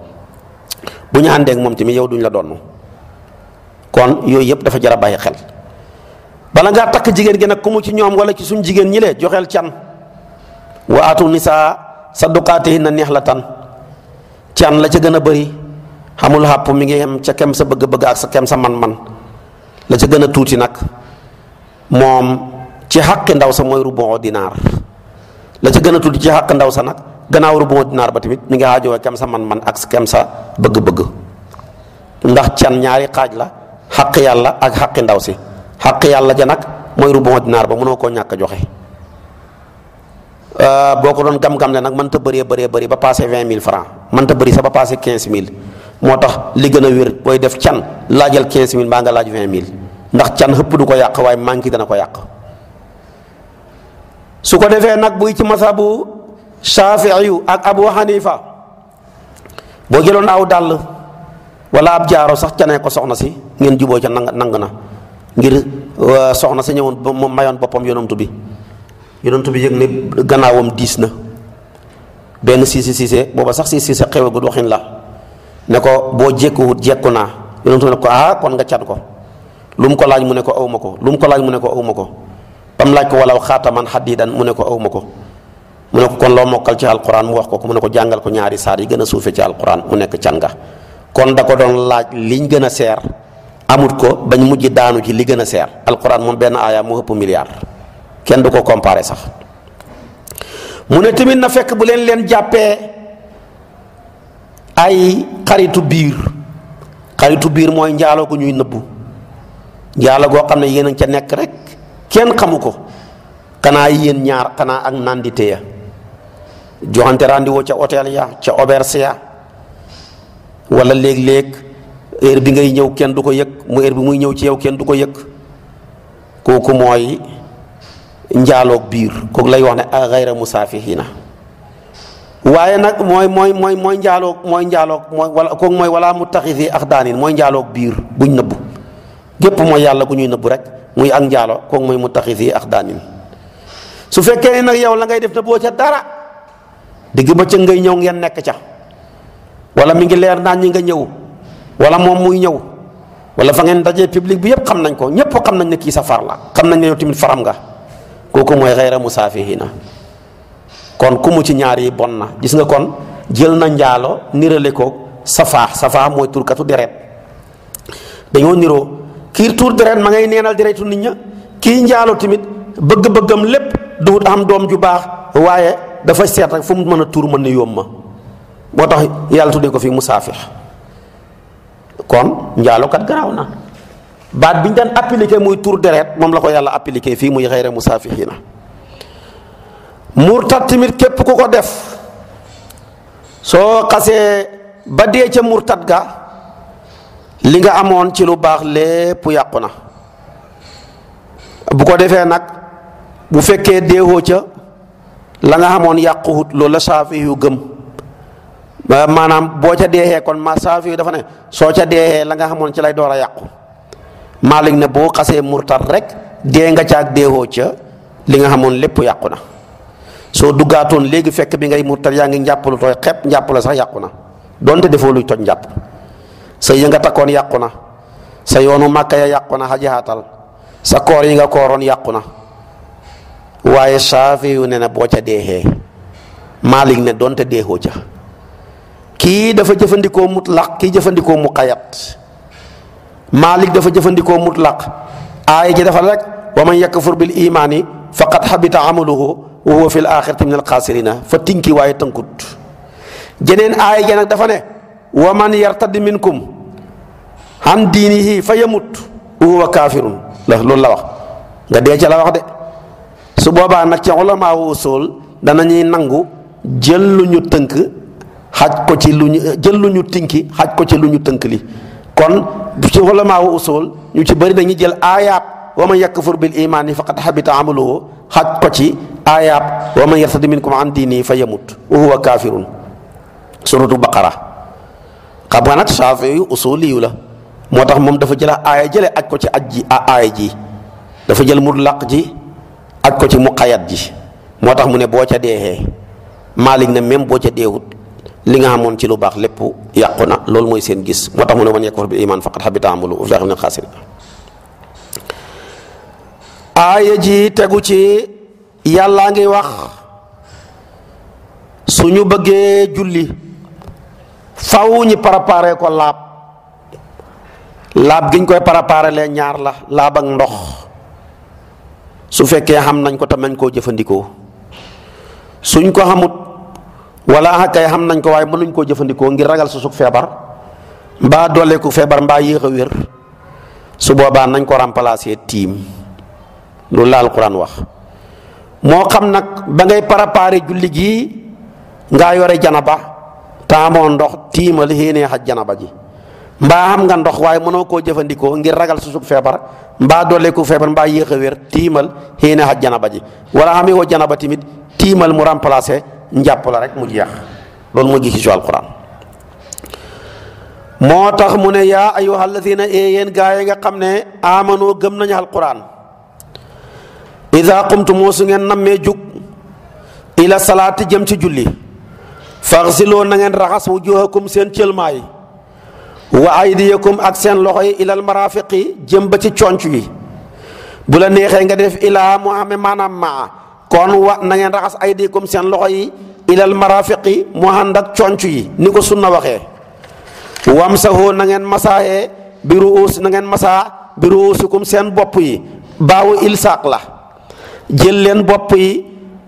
Speaker 1: bu ñu àndeek moom tamit yow duñ la donn kon yooyu yëpp dafa jar bàyyi xel bala ngaa takk jigéen gi nag ku mu ci ñoom wala ci suñ jigéen ñi lee joxeel can wa atu nisaa sadduqaatihinna nihilatan can la ca gën a bëri xamul xàpp mi ngi yem ca kem sa bëgg-bëgg ak sa kem sa man-man la ca gën a tuuti nag moom ci xàq ndaw sa mooy rubon la ca gën a tuuti ci xàq ndaw sa nag gannaaw rubon dinaar ba tamit mi ngi xaajowee kem sa man-man ak kem sa bëgg-bëgg ndax can ñaari xaaj la xàq yàlla ak xàqi ndaw si xaq yàlla ja nag mooy rubon dinaar ba mënoo koo ñàkk joxe euh, boo ko doon gam-gam le nag mën ta bëree bëree bëri ba passé vingt mille francs mën ta bëri sa ba passé quinze mille moo tax li gën a wér booy def can laajal quinze mille mbaa nga laaj vingt mille ndax can xëpp du ko yàq waaye manqué dana ko yàq su ko defee nag buy ci masabu Shaafi'i ak Abu Hanifa boo jëloon aw dàll wala ab jaaro sax canee ko soxna si ngeen juboo ca nang nang na ngir soxna sa ñëwoon mayoon boppam yonantu bi yonantu bi yëg ne gannaawam diis na benn siisi siise booba sax si siise xewagut waxin la ne ko boo jékkuwut jekku naa yonantu bi ko ah kon nga ko lu mu ko laaj mu ne ko aw ma ko lu mu ko laaj mu ne ko aw ko bam laaj ko walaw xaataman dan mu ne ko aw ma ko mu ne ko kon loo mokkal ci alquran mu wax ko ko mu ne ko jàngal ko ñaari saar yi gën a suufe ci alquran mu nekk can nga kon da ko doon laaj liñ gën a seer amut ko bañ mujj daanu ci li gën a seer alquran moom benn aaya mu ëpp milliard kenn du ko comparé sax mu ne tamit na fekk bu leen leen jàppee ay xaritu biir xaritu biir mooy njaaloo gu ñuy nëbbu njaaloo goo xam ne yéen a ca nekk rek kenn xamu ko xanaa yéen ñaar xanaa ak nandite ya joxante rendez ca hôtel ya ca auberge ya wala léeg-léeg heure bi ngay ñëw kenn du ko yëg mu heure bi muy ñëw ci yow kenn du ko yëg kooku mooy njaaloog biir kooku lay wax ne a xayra musaafihina waaye nag mooy mooy mooy mooy njaaloog mooy njaaloog mooy wala kooku mooy wala mu taxisi ak daanin mooy njaaloog biir guñ nëbbu gépp mooy yàlla gu ñuy nëbbu rek muy ak njaalo kooku mooy mu taxisi ak daanin su fekkee ne nag yow la ngay def na boo ca dara digg ba ca ngay ñëw ngeen nekk ca walla mi ngi leer naan ñi nga ñëw wala moom muy ñëw wala fa ngeen dajee public bi yëpp xam nañ ko ñëpp xam nañ ne kii sa far la xam nañ ne yow tamit faram nga kooku mooy xayra na kon ku mu ci ñaari bon na gis nga kon jël na njaalo nirale ko safaax safaax mooy turkatu deret dañoo niroo kii tur deret ma ngay neenal deretu nit ña kii njaalo tamit bëgg-bëggam lépp duwut am doom ju baax waaye dafa seet rek fu mu mën a tuur mën ni yomb ma moo tax yàlla tuddee ko fii musaafix kon njaalokat garaaw na baat biñ ñu daan appliqué muy tur deret moom la ko yàlla appliqué fii muy xayra musaafixiina murtat tamit képp ku ko def soo xasee ba dee ca murtat ga li nga amoon ci lu baax lépp yàqu na bu ko defee nag bu fekkee deewoo ca la nga amoon yàquwut loolu la saafi yu gëm maanaam boo ca deexee kon ma saafi dafa ne soo ca deexee la nga xamoon ci lay door a yàqu Maalik ne boo xasee murtar rek dee nga caag deexoo ca li nga xamoon lépp yàqu na soo duggaatoon léegi fekk bi ngay murtar yaa ngi njàpp lu tooy la sax yàqu na donte defoo luy toj njàpp sa yi nga takkoon yàqu na sa yoonu màkka ya yàqu na xajaatal sa koor yi nga kooroon yàqu na waaye saafi yu ne na boo ca deexee Maalik ne donte deexoo ca. kii dafa jëfandikoo mutlaq kii jëfandikoo muqayyad Malik dafa jëfandikoo mutlaq aaya ji dafa rek wa man yakfur bil imaani faqad xabita amaluhu wa huwa fi l axirati min alxaasirina fa tinki waaye tënkut jeneen aaya ji nag dafa ne wa man yartadi minkum an diinihi fa yamut wa huwa kaafirun la loolu la wax nga dee ca la wax de su boobaa nag ci ulamaa usul danañuy nangu jël lu ñu tënk xaj ko ci lu jël lu ñu tinki xaj ko lu ñu tënk li kon ci ulamaa ñu ci bëri dañuy jël aayaab wa man yakfur bil imaani faqad habita amaluhu xaj ko ci fa yamut wa huwa kaafirun baqara xam nga nag saafee yu usuli yu la moo tax moom dafa jël aaya jële ak ko ci ji aaya ji dafa jël mutlaq ji ak ko ci muqayyad ji moo tax mu ne boo ca deexee maalik na même boo ca deewut li nga xamoon ci lu baax lépp yàqu na loolu mooy seen gis moo tax mu ne man yakfur bil iman faqad habita amalu wa huwa min al-khasirin aaya ji tegu ci yàlla ngi wax su ñu bëggee julli faw ñi préparé ko laab laab giñ koy préparé lee ñaar la laabak ndox su fekkee xam nañ ko tam nañ koo jëfandikoo suñ ko xamut wala ah kay xam nañ ko waaye mënuñ koo jëfandikoo ngir ragal susug feebar mbaa dooleeku feebar mbaa yéex a wér su boobaa nañ ko remplacer tiim loolu la alquran wax moo xam nag ba ngay préparer julli gi ngaa yore janaba te amoo ndox tiimal xéenee xaj janaba ji mbaa xam nga ndox waaye mënoo koo jëfandikoo ngir ragal susug feebar mbaa dooleeku feebar mbaa yéex a wér tiimal xéenee xaj janaba ji wala amee woo janaba tamit tiimal mu remplacer. njàpp la rek mu jeex loolu moo gis ci alquran moo tax mu ne yaa ayyuha alladina ee yéen gaa yi nga xam ne amano gëm nañu alquran ida qumtumoo su ngeen nammee jug ila salaati jëm ci julli faxsiloo na ngeen raxas wujuhakum seen cëlmaa yi wa aydiyakum ak seen loxo yi ilal marafiqi jëm ba ci conc yi bu la neexee nga def ilaa mu amee maanaam maa kon wa na ngeen raxas ay diikum seen loxo yi ilal marafiqi mu ànd ak conc yi ni ko sunna waxee wamsahu na nangeen masaaye bi ruus na ngeen masaa bi ruusikum seen bopp yi baawu ilsaaq la jël leen bopp yi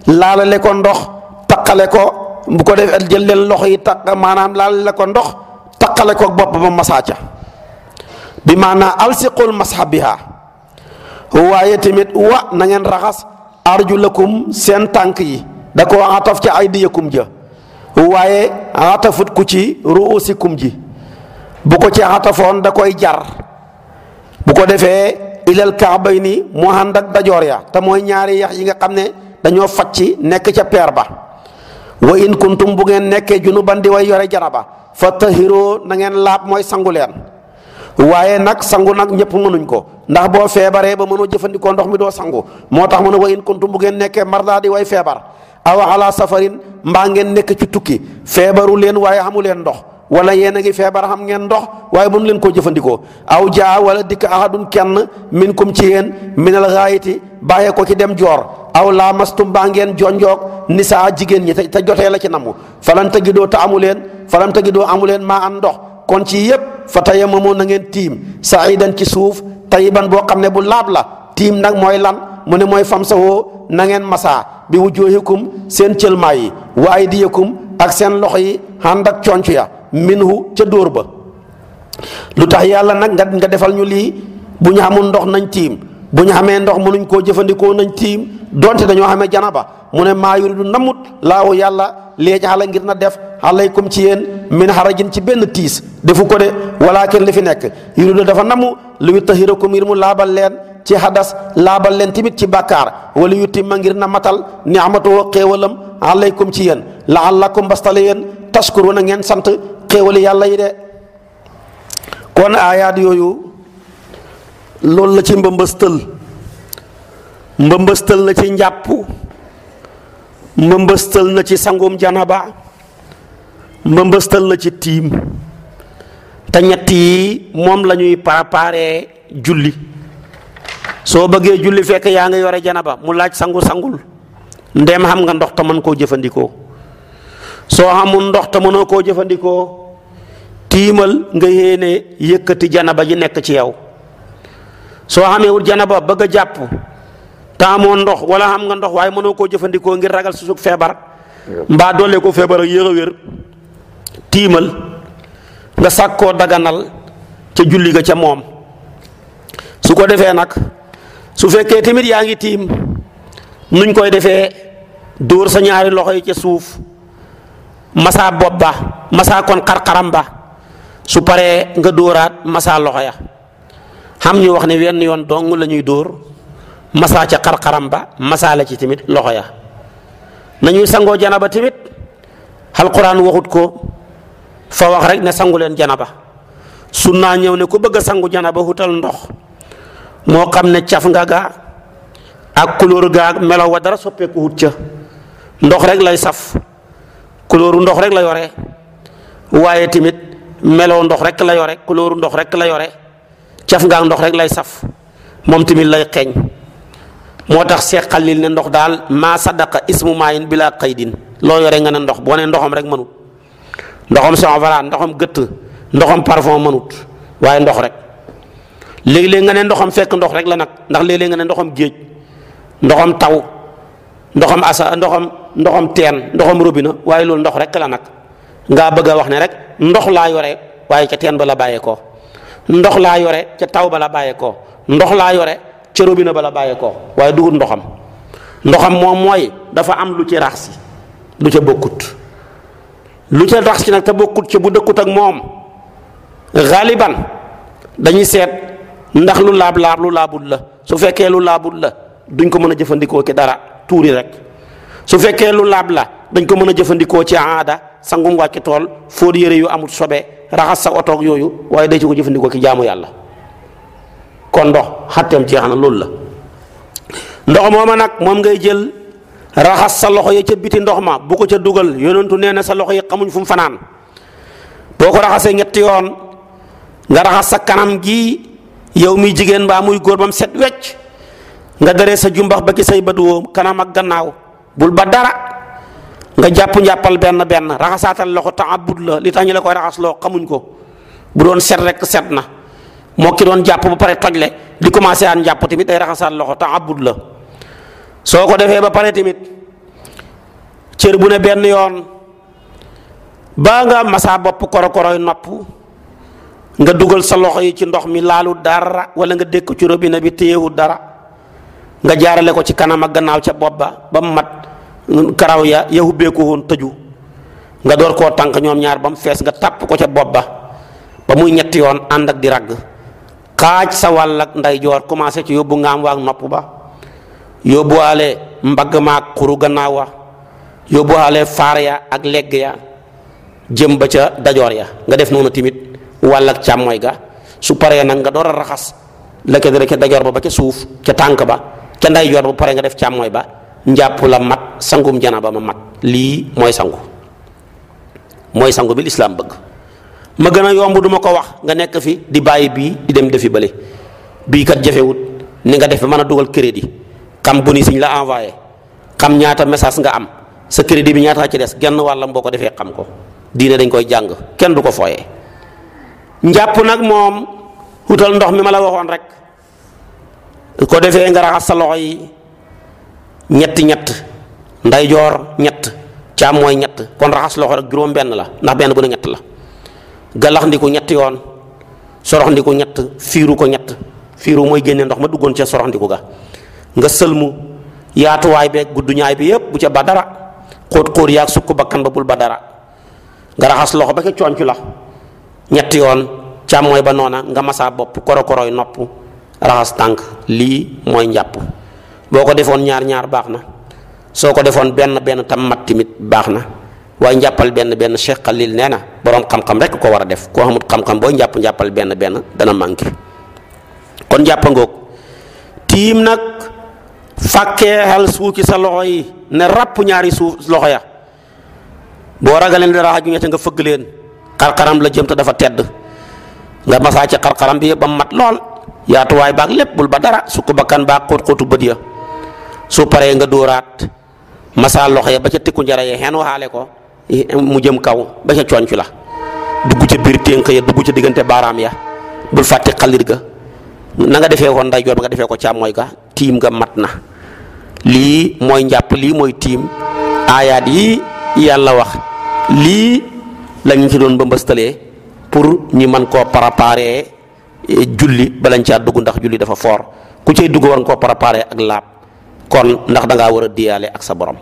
Speaker 1: laalale ko ndox taqale ko bu ko def jël leen loxo yi taq maanaam laalale ndox taqale ko bopp ba masaa ca bi maanaa alsiqul masha biha waaye tamit wa na ngeen raxas ju arjulakum seen tànk yi da ko ataf ca ay aydiyakum ja waaye atafut ku ci aussi ruusikum ji bu ko ci atafoon da koy jar bu ko defee ilal kaabayni mu ànd ak dajoor ya te mooy ñaari yax yi nga xam ne dañoo facci nekk ca peer ba wa in kuntum bu ngeen nekkee junuban di way yore jaraba fa tahiroo na ngeen laab mooy sangu leen waaye nag sangu nag ñëpp mënuñ ko ndax boo feebaree ba mënoo jëfandikoo ndox mi doo sangu moo tax mu ne wa in kuntum bu ngeen nekkee mardaa di way feebar aw ala safarin mbaa ngeen nekk ci tukki feebaru leen waaye xamu leen ndox wala yéen a ngi feebar xam ngeen ndox waaye mënu leen koo jëfandikoo aw jaa wala dikk a ahadun kenn min kum ci yéen minal gaayiti bàyyee ko ci dem joor aw laa laamastum baa ngeen jonjoog a jigéen ñi te jotee la ci namu falan tagidoo te amu leen falan tagidoo amu leen maa am ndox kon ci yépp fa tayamamoo na ngeen tiim saidan ci suuf tayiban boo xam ne bu laab la tiim nag mooy lan mu ne mooy fam sawoo nangeen masaa bi wujuhikum seen cëlmaa yi waaye di aydiyakum ak seen loxo yi ànd ak conc ya minhu ca dóor ba lu tax yàlla nag nga nga defal ñu lii bu ñu amul ndox nañ tiim bu ñu xamee ndox mu mënuñ koo jëfandikoo nañ tiim donte dañoo xamee janaba mu ne maa yuridu namut laawu yàlla léegi xala ngir na def alaykum ci yéen min harajin ci benn tiis defu ko de walaakin li fi nekk yuridu dafa namu lu yu tahirakum ngir mu laabal leen ci hadas laabal leen tamit ci bàkkaar wala yu timma ngir na matal ni'matuhu xéewalam alaykum ci yéen laallakum bastale yéen tashkuruna ngeen sant xéewali yàlla yi de kon aayaat yooyu loolu la ci mbëmbëstël mbëmbëstal na ci njàpp mbëmbëstël na ci sangum janaba mbëmbëstal na ci tiim te ñett yi moom la ñuy préparer julli soo bëggee julli fekk yaa ngi yore janaba mu laaj sangu sangul ndeem xam nga ndox te mën koo jëfandikoo soo xamul ndox te mënoo koo jëfandikoo tiimal nga yéene yëkkati janaba ji nekk ci yow soo xameewul janaba bëgg a jàpp te ndox wala xam nga ndox waaye mënoo koo jëfandikoo ngir ragal susug feebar mbaa doole ko feebar ak yéex a wér tiimal nga koo daganal ca julli ga ca moom su ko defee nag su fekkee tamit yaa ngi tiim nuñ koy defee dóor sa ñaari loxo yi ca suuf masaa bopp ba masaa kon xar-xaram ba su paree nga dóoraat masaa loxo ya xam ñu wax ne wenn yoon dong la ñuy dóor masaa ca xar-xaram ba masaa la ci tamit loxo ya nañuy sangoo janaba tamit alquran waxut ko fa wax rek ne sangu leen janaba sunnaa ñëw ne ku bëgg a sangu janaba hutal ndox moo xam ne caf nga ga ak couleur ga melaw wa dara soppeeku hut ca ndox rek lay saf couleur ndox rek la yore waaye tamit melaw ndox rekk la yore couleur ndox rekk la yore caf ngaa ndox rek lay saf moom tamit lay xeeñ moo tax Seex Xalil ne ndox daal maa sadaqa ismu maayin bilaa qaydin loo yore nga ne ndox boo ne ndoxam rek mënut ndoxam sonvara ndoxam gëtt ndoxam parfum mënut waaye ndox rek léeg-léeg nga ne ndoxam fekk ndox rek la nag ndax léeg-léeg nga ne ndoxam géej ndoxam taw ndoxam asa ndoxam ndoxam teen ndoxam robinet waaye loolu ndox rek la nag ngaa bëgg a wax ne rek ndox laa yore waaye ca teen ba la bàyyeekoo. ndox laa yore ca taw ba la bàyyeekoo ndox laa yore ca robine ba la bàyyeekoo waaye dugul ndoxam ndoxam moom mooy dafa am lu ci rax si lu ca bokkut lu ca rax si nag te bokkut ca bu dëkkut ak moom xaaliban dañuy seet ndax lu laab laab lu laabut la su fekkee lu laabut la duñ ko mën a jëfandikoo ci dara tuuri rek su fekkee lu laab la dañ ko mën a jëfandikoo ci aada sangum wàcc tool fóot yére yu amul sobe raxas sa otoog yooyu waaye day ci ko jëfandikoo ki jaamu yàlla kon ndox xatteem jeex na loolu la ndox mooma nag moom ngay jël raxas sa loxo ya ca biti ndox ma bu ko ca dugal yonentu nee na sa loxo yi xamuñ fu mu fanaan boo ko raxasee ñetti yoon nga raxas sa kanam gi yow muy jigéen mbaa muy góor ba mu set wecc nga daree sa jumbax ba ki say bët kanam ak gannaaw bul ba dara nga jàpp jàppal benn benn raxasaatal loxo taabud la li tax ñu la koy raxasloo xamuñ ko bu doon set rek set na moo ki doon jàpp ba pare di commencé aan njàpp tamit day raxasaat loxo taabud la soo ko defee ba pare tamit cër bu ne benn yoon baa nga masaa bopp korokoroy nopp nga dugal sa loxo yi ci ndox mi laalu dara wala nga dékk ci robinet bi téyewu dara nga jaarale ko ci kanam gannaaw ca bopp ba ba mu mat karaw ya ya hubbeeku woon tëju nga door koo tànk ñoom ñaar ba mu fees nga tàpp ko ca bopp ba ba muy ñetti yoon ànd ak di ragg xaaj sa wàll ak ndeyjoor commencé ci yóbbu ngaam waak nopp ba yóbbuwaale mbagg maag xuru gannaaw wa yóbbuwaale faar ya ak legg ya jëm ba ca dajoor ya nga def noonu tamit wàll ak càmmooy ga su paree nag nga door a raxas la ca dajoor ba ba ca suuf ca tànk ba ca ndeyjoor ba paree nga def càmmooy ba njàpp la mat sangum janaaba ma mat lii mooy sangu mooy sangu bi lislaam bëgg ma gën a yomb duma ko wax nga nekk fi di bàyyi bii di dem defi bale bii kat jafewut ni nga def mën a dugal crédit xam bu ni siñ la envoyé xam ñaata message nga am sa crédit bi ñaata ci des genn wàllam boo ko defee xam ko diine dañ koy jàng kenn du ko fooyee njàpp nag moom wutal ndox mi ma la waxoon rek ko defee nga raxas sa loxo yi ñett ñett ndeyjoor ñett càmmooñ ñett kon raxas loxo rek juróom benn la ndax benn bu ne ñett la galax ndiku ñett yoon sorox ñett fiiru ko ñett fiiru mooy génne ndox ma duggoon ca sorox ga nga sëlmu yaatuwaay beeg gudd ñaay bi yépp bu ca ba dara xóot xóot yaag sukk bakkan ba bul ba dara nga raxas loxo ba ca cooncu la ñett yoon càmmooñ ba noona nga masaa bopp koro koroy nopp raxas tànk lii mooy njàpp boo ko defoon ñaar ñaar baax na soo ko defoon benn benn tam mat tamit baax na waaye njàppal benn benn Cheikh Khalil nee na boroom xam-xam rek ko war a def koo xamut xam-xam boo njàpp njàppal benn benn dana manqué kon njàppangoog tiim nag fàkkeexal suuf ci sa loxo yi ne ràpp ñaari suuf loxo ya boo ragaleen dara xaju ñette nga fëgg leen xarxaram la jëm te dafa tedd nga masaa ci xarxaram bi yëpp ba mat lool yaatuwaay baag lépp bul ba dara sukk bakkan baag xóot xóotu bët ya su paree nga dooraat masaa loxo ya ba ca tikku njara ya xen waxaale ko mu jëm kaw ba ca cooncu la dugg ca biir ténk ya dugg ca diggante baaraam ya bul fàtte xalit ga na nga defee ko ndeyjoor ba nga defee ko càmmooy ga tiim nga mat na lii mooy njàpp lii mooy tiim aayaat yii yàlla wax lii lañu ci doon mbëmbëstalee pour ñi mën koo préparer julli balañ caa dugg ndax julli dafa foor ku cay dugg war nga koo préparer ak laab kon ndax da war a diyaale ak sa borom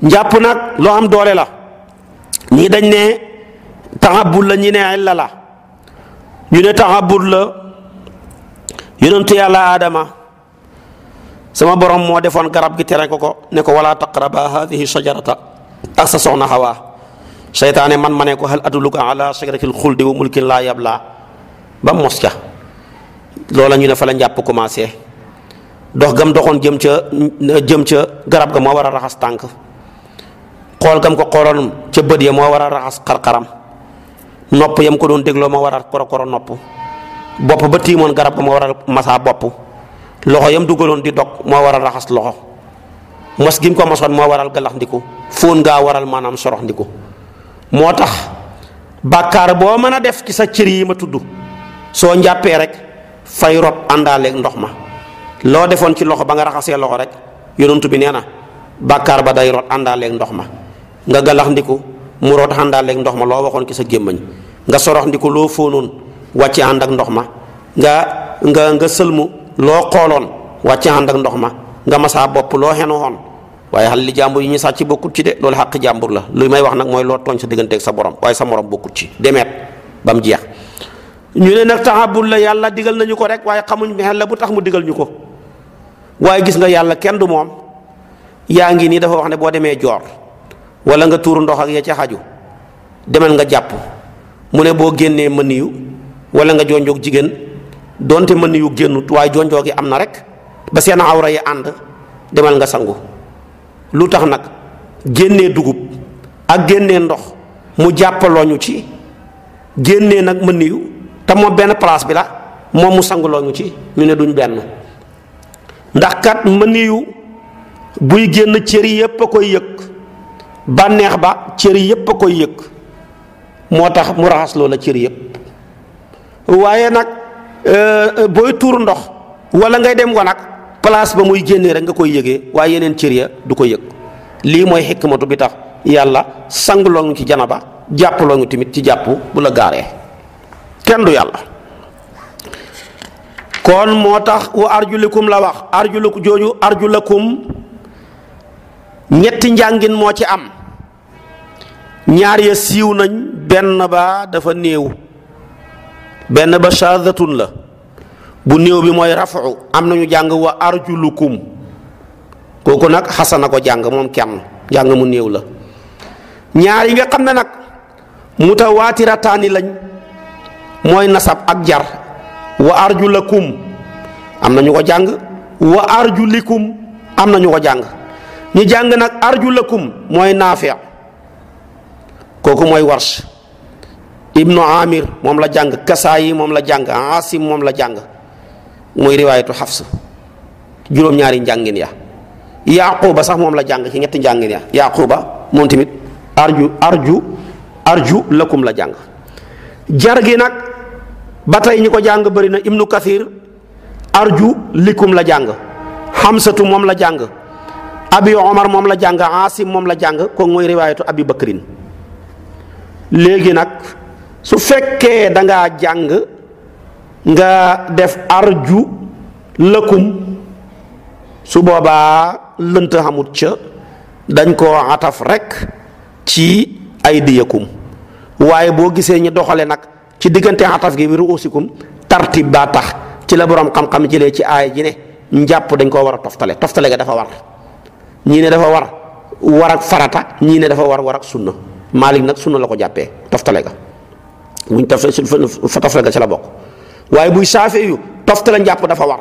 Speaker 1: njàpp nag loo am doole la ñii dañ ne taxabul la ñi ne illa la ñu ne taxabul la yonentu yàlla aadama sama borom moo defoon garab gi tere ko ko ne ko wala taqraba hadihi shajarata ak sa soxna xawaa seytaane man ma ne ko hal adulluka ala shajaratil xuldi wa mulkin laa yablaa ba mos ca loola ñu ne fa la njàpp commencé dox gam doxoon jëm ca jëm ca garab ga moo war a raxas tànk xool gam ko xooloon ca bët ya moo war a raxas xar-xaram nopp yam ko doon dégloo moo war a koro koro nopp bopp ba tiimoon garab ga moo war a masaa bopp loxo yam dugaloon di dog moo war a raxas loxo mos gi ko mosoon moo waral galax ndiku fóon ngaa waral maanaam sorox ndiku moo tax bàkkaar boo mën a def ci sa cër yi ma tudd soo njàppee rek fay rob àndaaleeg ndox ma loo defoon ci loxo ba nga raxasee loxo rek yonantu bi nee na bàkkaar ba day root àndaaleeg ndox ma nga gallaxndiku ndiku mu root àndaaleeg ndox ma loo waxoon ci sa gémmañ nga sorox ndiku loo fóonoon wàcce ànd ak ndox ma nga nga nga sëlmu loo xooloon wàcce ànd ak ndox ma nga masaa bopp loo xenoxoon waaye xal li jàmbur yi ñu sàcc bokkut ci de loolu xàq jàmbur la lu may wax nag mooy loo tooñ sa digganteeg sa borom waaye sa morom bokkut ci demeet ba mu jeex ñu ne nag taxabul la yàlla digal nañu ko rek waaye xamuñ la bu tax mu digal ñu ko waaye gis nga yàlla kenn du moom yaa ngi nii dafa wax ne boo demee joor wala nga tuur ndox ak ya ca xaju demal nga jàpp mu ne boo génnee mën yu wala nga jonjoog jigéen donte mën yu génnut waaye jonjoog yi am na rek ba seen awra yi ànd demal nga sangu lu tax nag génnee dugub ak génnee ndox mu jàppalooñu ci génnee nag mën yu te moom benn place bi la moom mu sanguloo ñu ci ñu ne duñ benn ndax kat mëniyu buy génn cër yépp a koy yëg bànneex ba cër yépp a koy yëg moo tax mu raxas loola cër yépp waaye nag euh, euh, booy tuur ndox wala ngay dem wanag place ba muy génnee rek nga koy yëge waaye yeneen cër ya du ko yëg lii mooy xikmatu bi tax yàlla sanguloo loo ci jana ba jàppaloo ñu tamit ci jàpp bu la gaaree kenn du yàlla kon moo tax wa arjulikum la wax arjuluk jooju arjulakum ñetti njàngin moo ci am ñaar ya siiw nañ benn ba dafa néew benn ba shaadatun la bu néew bi mooy rafu am ñu jàng wa arjulukum kooku nag xasana ko jàng moom kenn jàng mu néew la ñaar yi nga xam ne nag mu mutawaatirataani lañ mooy nasab ak jar wa arjulakum am na ñu ko jàng wa arjulikum am na ñu ko jàng ñu jàng nag arju arjulakum mooy naafi kooku mooy warsh ibnu amir moom la jàng kasaayi moom la jàng asim moom la jàng mooy riwaayatu xafs juróom-ñaari njàngin ya yaquba sax moom la jàng ci ñetti njàngin ya yaquba moom tamit arju arju arju lakum la jàng jar gi nag ba tey ñi ko jàng bëri na ibnu kathir arju likum la jàng xamsatu moom la jàng abi omar moom la jàng asim moom la jàng ko mooy riwaayatu abi bakrin léegi nag su fekkee dangaa jàng nga def arju lëkkum su boobaa lënt xamut ca dañ ko ataf rek ci ay diyakum waaye boo gisee ñi doxale nag ci diggante xataf gi bi ruusikum tartib baa tax ci la boroom xam-xam jëlee ci aay ji ne njàpp dañ koo war a toftale toftale ga dafa war ñii ne dafa war war ak farata ñii ne dafa war war ak sunna Maalik nag sunna la ko jàppee toftale ga buñ taf fa toftale ga ci la bokk waaye buy saafee yu toftale njàpp dafa war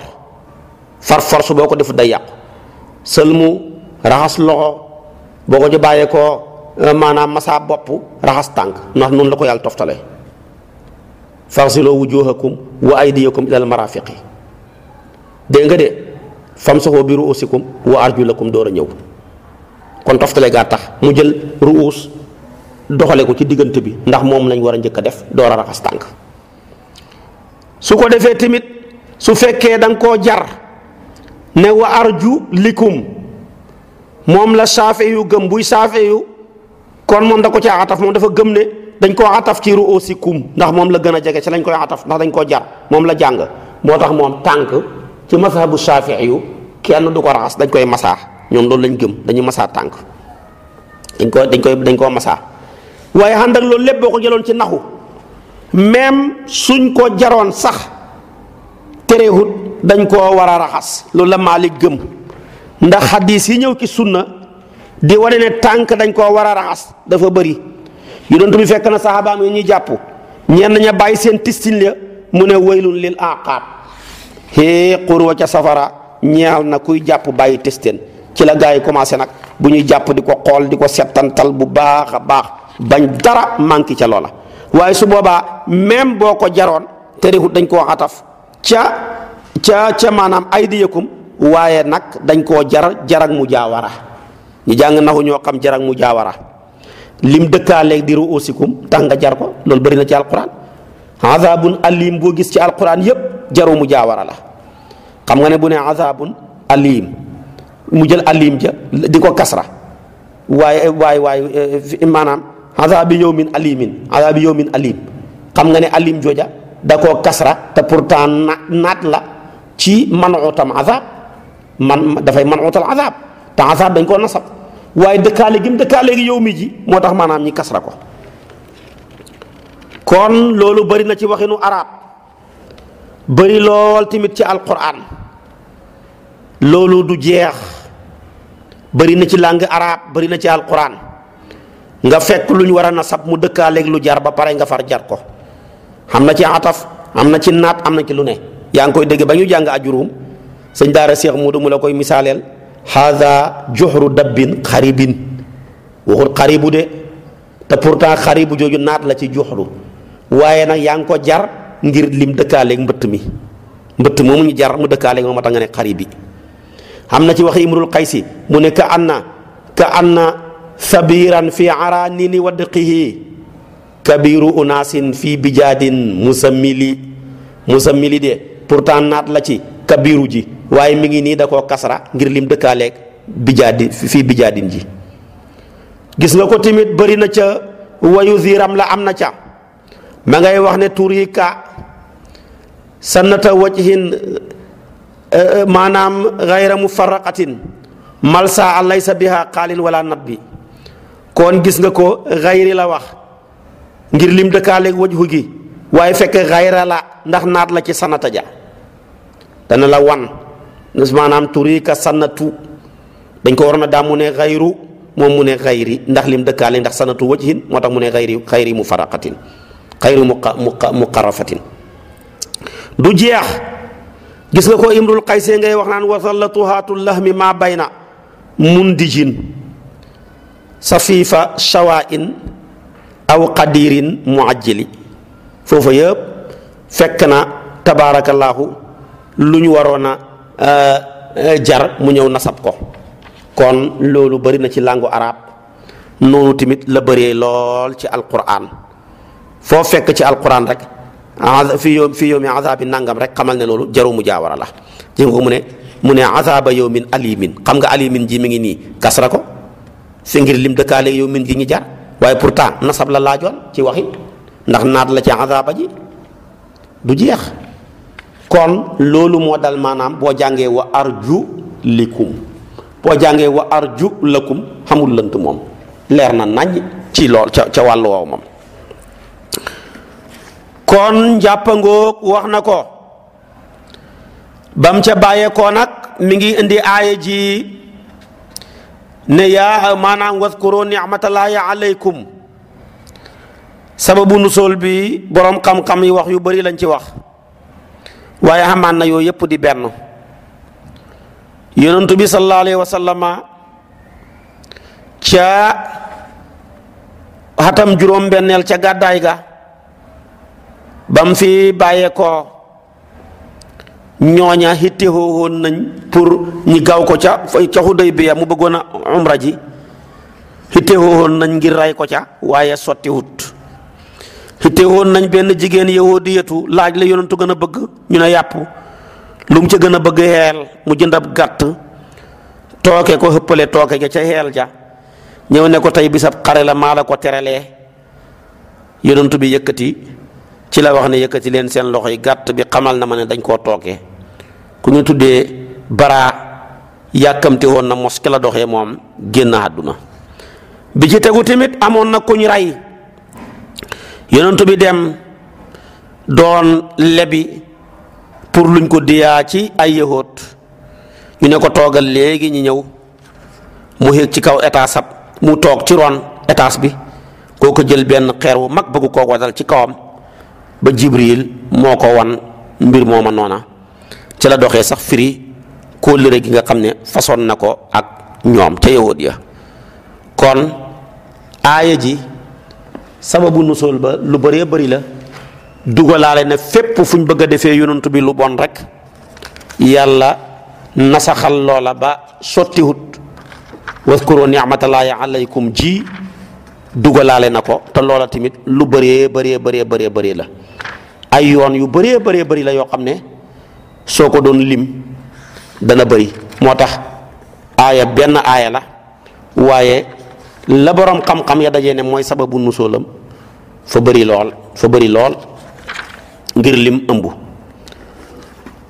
Speaker 1: far force boo ko defu day yàqu mu raxas loxo boo ko ci bàyyee koo maanaam masaa bopp raxas tànk ndax noonu la ko yàlla toftale faxsiloo wujuhakum wa aydiyakum ilal marafiqi dégg nga de fam famsaxoo bi ruusikum wa arjulakum door a ñëw kon toftale gaa tax mu jël ruus doxale ko ci diggante bi ndax moom lañ war a njëkk def door a raxas tànk su ko defee tamit su fekkee da nga koo jar ne wa arju likum moom la saafe gëm buy saafe yu kon moom da ko ci ataf moom dafa gëm ne dañ koo ataf ci ruusikum ndax moom la gën a jege ci lañ koy ataf ndax dañ koo jar moom la jàng moo tax moom tànk ci mazhabu shafii yu kenn du ko raxas dañ koy masaa ñoom loolu lañ gëm dañu masaa tànk dañ ko dañ koy dañ koo masaa waaye ànd loolu lépp boo ko jëloon ci naxu même suñ ko jaroon sax terewut dañ koo war a raxas loolu la Maalik gëm ndax xaddiis yi ñëw ci sunna di wane ne tànk dañ koo war a raxas dafa bëri yonent bi fekk na saxaabaam yi ñuy jàpp ñenn ña bàyyi seen testin la mu ne waylun lil aqaab hee xurwa ca safara ñeel na kuy jàpp bàyyi tistin ci la gaa yi commencé nag bu ñuy jàpp di ko xool di ko settantal bu baax a baax bañ dara manqué ca loola waaye su boobaa même boo ko jaroon terewut dañ koo ataf ca ca maanaam ay di yëkkum waaye nag dañ koo jar jarag mu jaawara ñu jàng naxu ñoo xam jarag mu jaawara lim dëkkaaleeg di ruusikum tax nga jar ko loolu bëri na ci alquran azabun alim boo gis ci alquran yépp jaru mu jaawara nga ne bu ne azabun alim mu jël alim di ko kasra waaye waaye waaye eh, maanaam azabi yawmin alimin azabi yawmin xam nga ne alim jooja da koo kasra te pourtant naat la ci manuutam azab man dafay manuutal azab te azab dañ koo nasab waaye dëkkaale gi mu dëkkaale yow mi ji moo tax maanaam ñi kasra ko kon loolu bari na ci waxinu arab bari lool tamit ci alquran loolu du jeex bari na ci langue arab bari na ci alquran nga fekk lu ñu war a nasab mu dëkkaaleeg lu jar ba pare nga far jar ko am na ci ataf am na ci naat am na ci lu ne yaa ngi koy dégg ba ñu jàng ajurum sëñ daara Cheikh Moodu mu la koy misaaleel haada joxru dabbin xaribin waxul xaribu de te pourtant xaribu jooju naat la ci joxru waaye nag yaa ngi ko jar ngir lim dëkkaaleeg mbëtt mi mbëtt moomu ñu jar mu dëkkaaleeg moom moo tax nga ne xaribi am na ci waxi imrul qaysi mu ne ka anna ka anna sabiran fi aranini wadqihi kabiru unasin fi bijaadin musammili musammili de pourtant naat la ci kabiru ji waaye mi ngi nii da ko kasra ngir lim dëkkaaleeg bijaadi fii bijaadin ji gis nga ko tamit bëri na ca wayu ziram la am na ca ma ngay wax ne tur yi ka sannata wajhin eh, eh, maanaam gayra mufaraqatin malsa alaysa biha xaalin wala nabbi kon gis nga ko gayri la wax ngir lim dëkkaaleeg wajhu gi waaye fekk gayra la ndax naat la ci sanata ja dana la wan maanaam turika sanatu dañ ko waroon a daam mu ne xayru moom mu ne xayri ndax lim dëkkaale ndax sanatu wajhin moo tax mu ne xayri xayri mu faraqatin xayri mu mu qarafatin du jeex gis nga ko imrul xaysee ngay wax naan wasallatuhaatu lahmi maa bay na mu bayna mundijin safifa shawain aw qadirin muajjili foofa yëpp fekk na tabaarakallaahu lu ñu waroon Euh, jar mu ñëw nasab ko kon loolu bari na ci langue arabe noonu tamit la bëree lool ci alquran foo fekk ci alquran rek fi yow fi yow mi nangam rek xamal ne loolu jaru mu jaawara la dégg mu ne mu ne azaaba yow min alimin xam nga alimin ji mi ngi nii kasra ko fi ngir lim dëkkaale yow min gi ñu jar waaye pourtant nasab la laajoon ci waxi ndax naat la ci azaaba ji du jeex. kon loolu moo dal maanaam boo jàngee wa arju likum boo jàngee wa arju lakum xamul lënt moom leer na nañ ci lool ca ca wàllu woow moom kon njàppangoog wax na ko bam ca bàyyeekoo nag mu ngi indi aaya ji ne yaa maanaam waskuru ni'matallahi alaykum sababu sol bi boroom xam-xam yi wax yu bari lañ ci wax waaye xamaan na yooyu yëpp di benn yonentu bi sallallahu alayhi wa sallama ca xatam juróom-benneel ca gàddaay ga bam fi bàyyeekoo ko ñooña hitte hoohoon nañ pour ñi gaaw ko ca ca Hudaybiya mu bëggoon a umra ji hitte hoohoon nañ ngir ray ko ca waaye sotti wut xitteewoon nañ benn jigéen yahudiyatu laaj la yonentu gën a bëgg ñu ne yàpp lu mu ca gën a bëgg xeel mu jënd ab gàtt tooke ko xëppale tooke ja ca xeel ja ñëw ne ko tey bisab xare la maa la ko teralee yonentu bi yëkkati ci la wax ne yëkkati leen seen loxo yi gàtt bi xamal na ma ne dañ koo tooke ku ñu tuddee baraa yàkkamte woon na mos ki la doxee moom génn àdduna bi ci tegu tamit amoon na kuñ rey yonent bi dem doon lebi pour luñ ko diyaa ci ay yëhoot ñu ne ko toogal léegi ñu ñëw mu yéeg ci kaw étage ab mu toog ci ron étage bi koo ko jël benn xeer wu mag bëgg koo wadal ci kawam ba jibril moo ko wan mbir mooma noona ci la doxee sax firi kóllëre gi nga xam ne façon na ko ak ñoom ca yëhoot ya kon aaya ji sababu nusool ba lu baree bari la dugalaale ne fépp fu ñu bëgg a defee yonent bi lu bon rek yàlla nasaxal loola ba sottiwut waskuru ni'matallaahi alaykum ji dugalaale na ko te loola tamit lu baree baree baree bëree bëri la ay yoon yu baree baree bari la yoo xam ne soo ko doon lim dana bari moo tax aaya benn aaya la waaye la boroom xam-xam ya dajee ne mooy sababu nusoolam fa bari lool fa bari lool ngir lim ëmb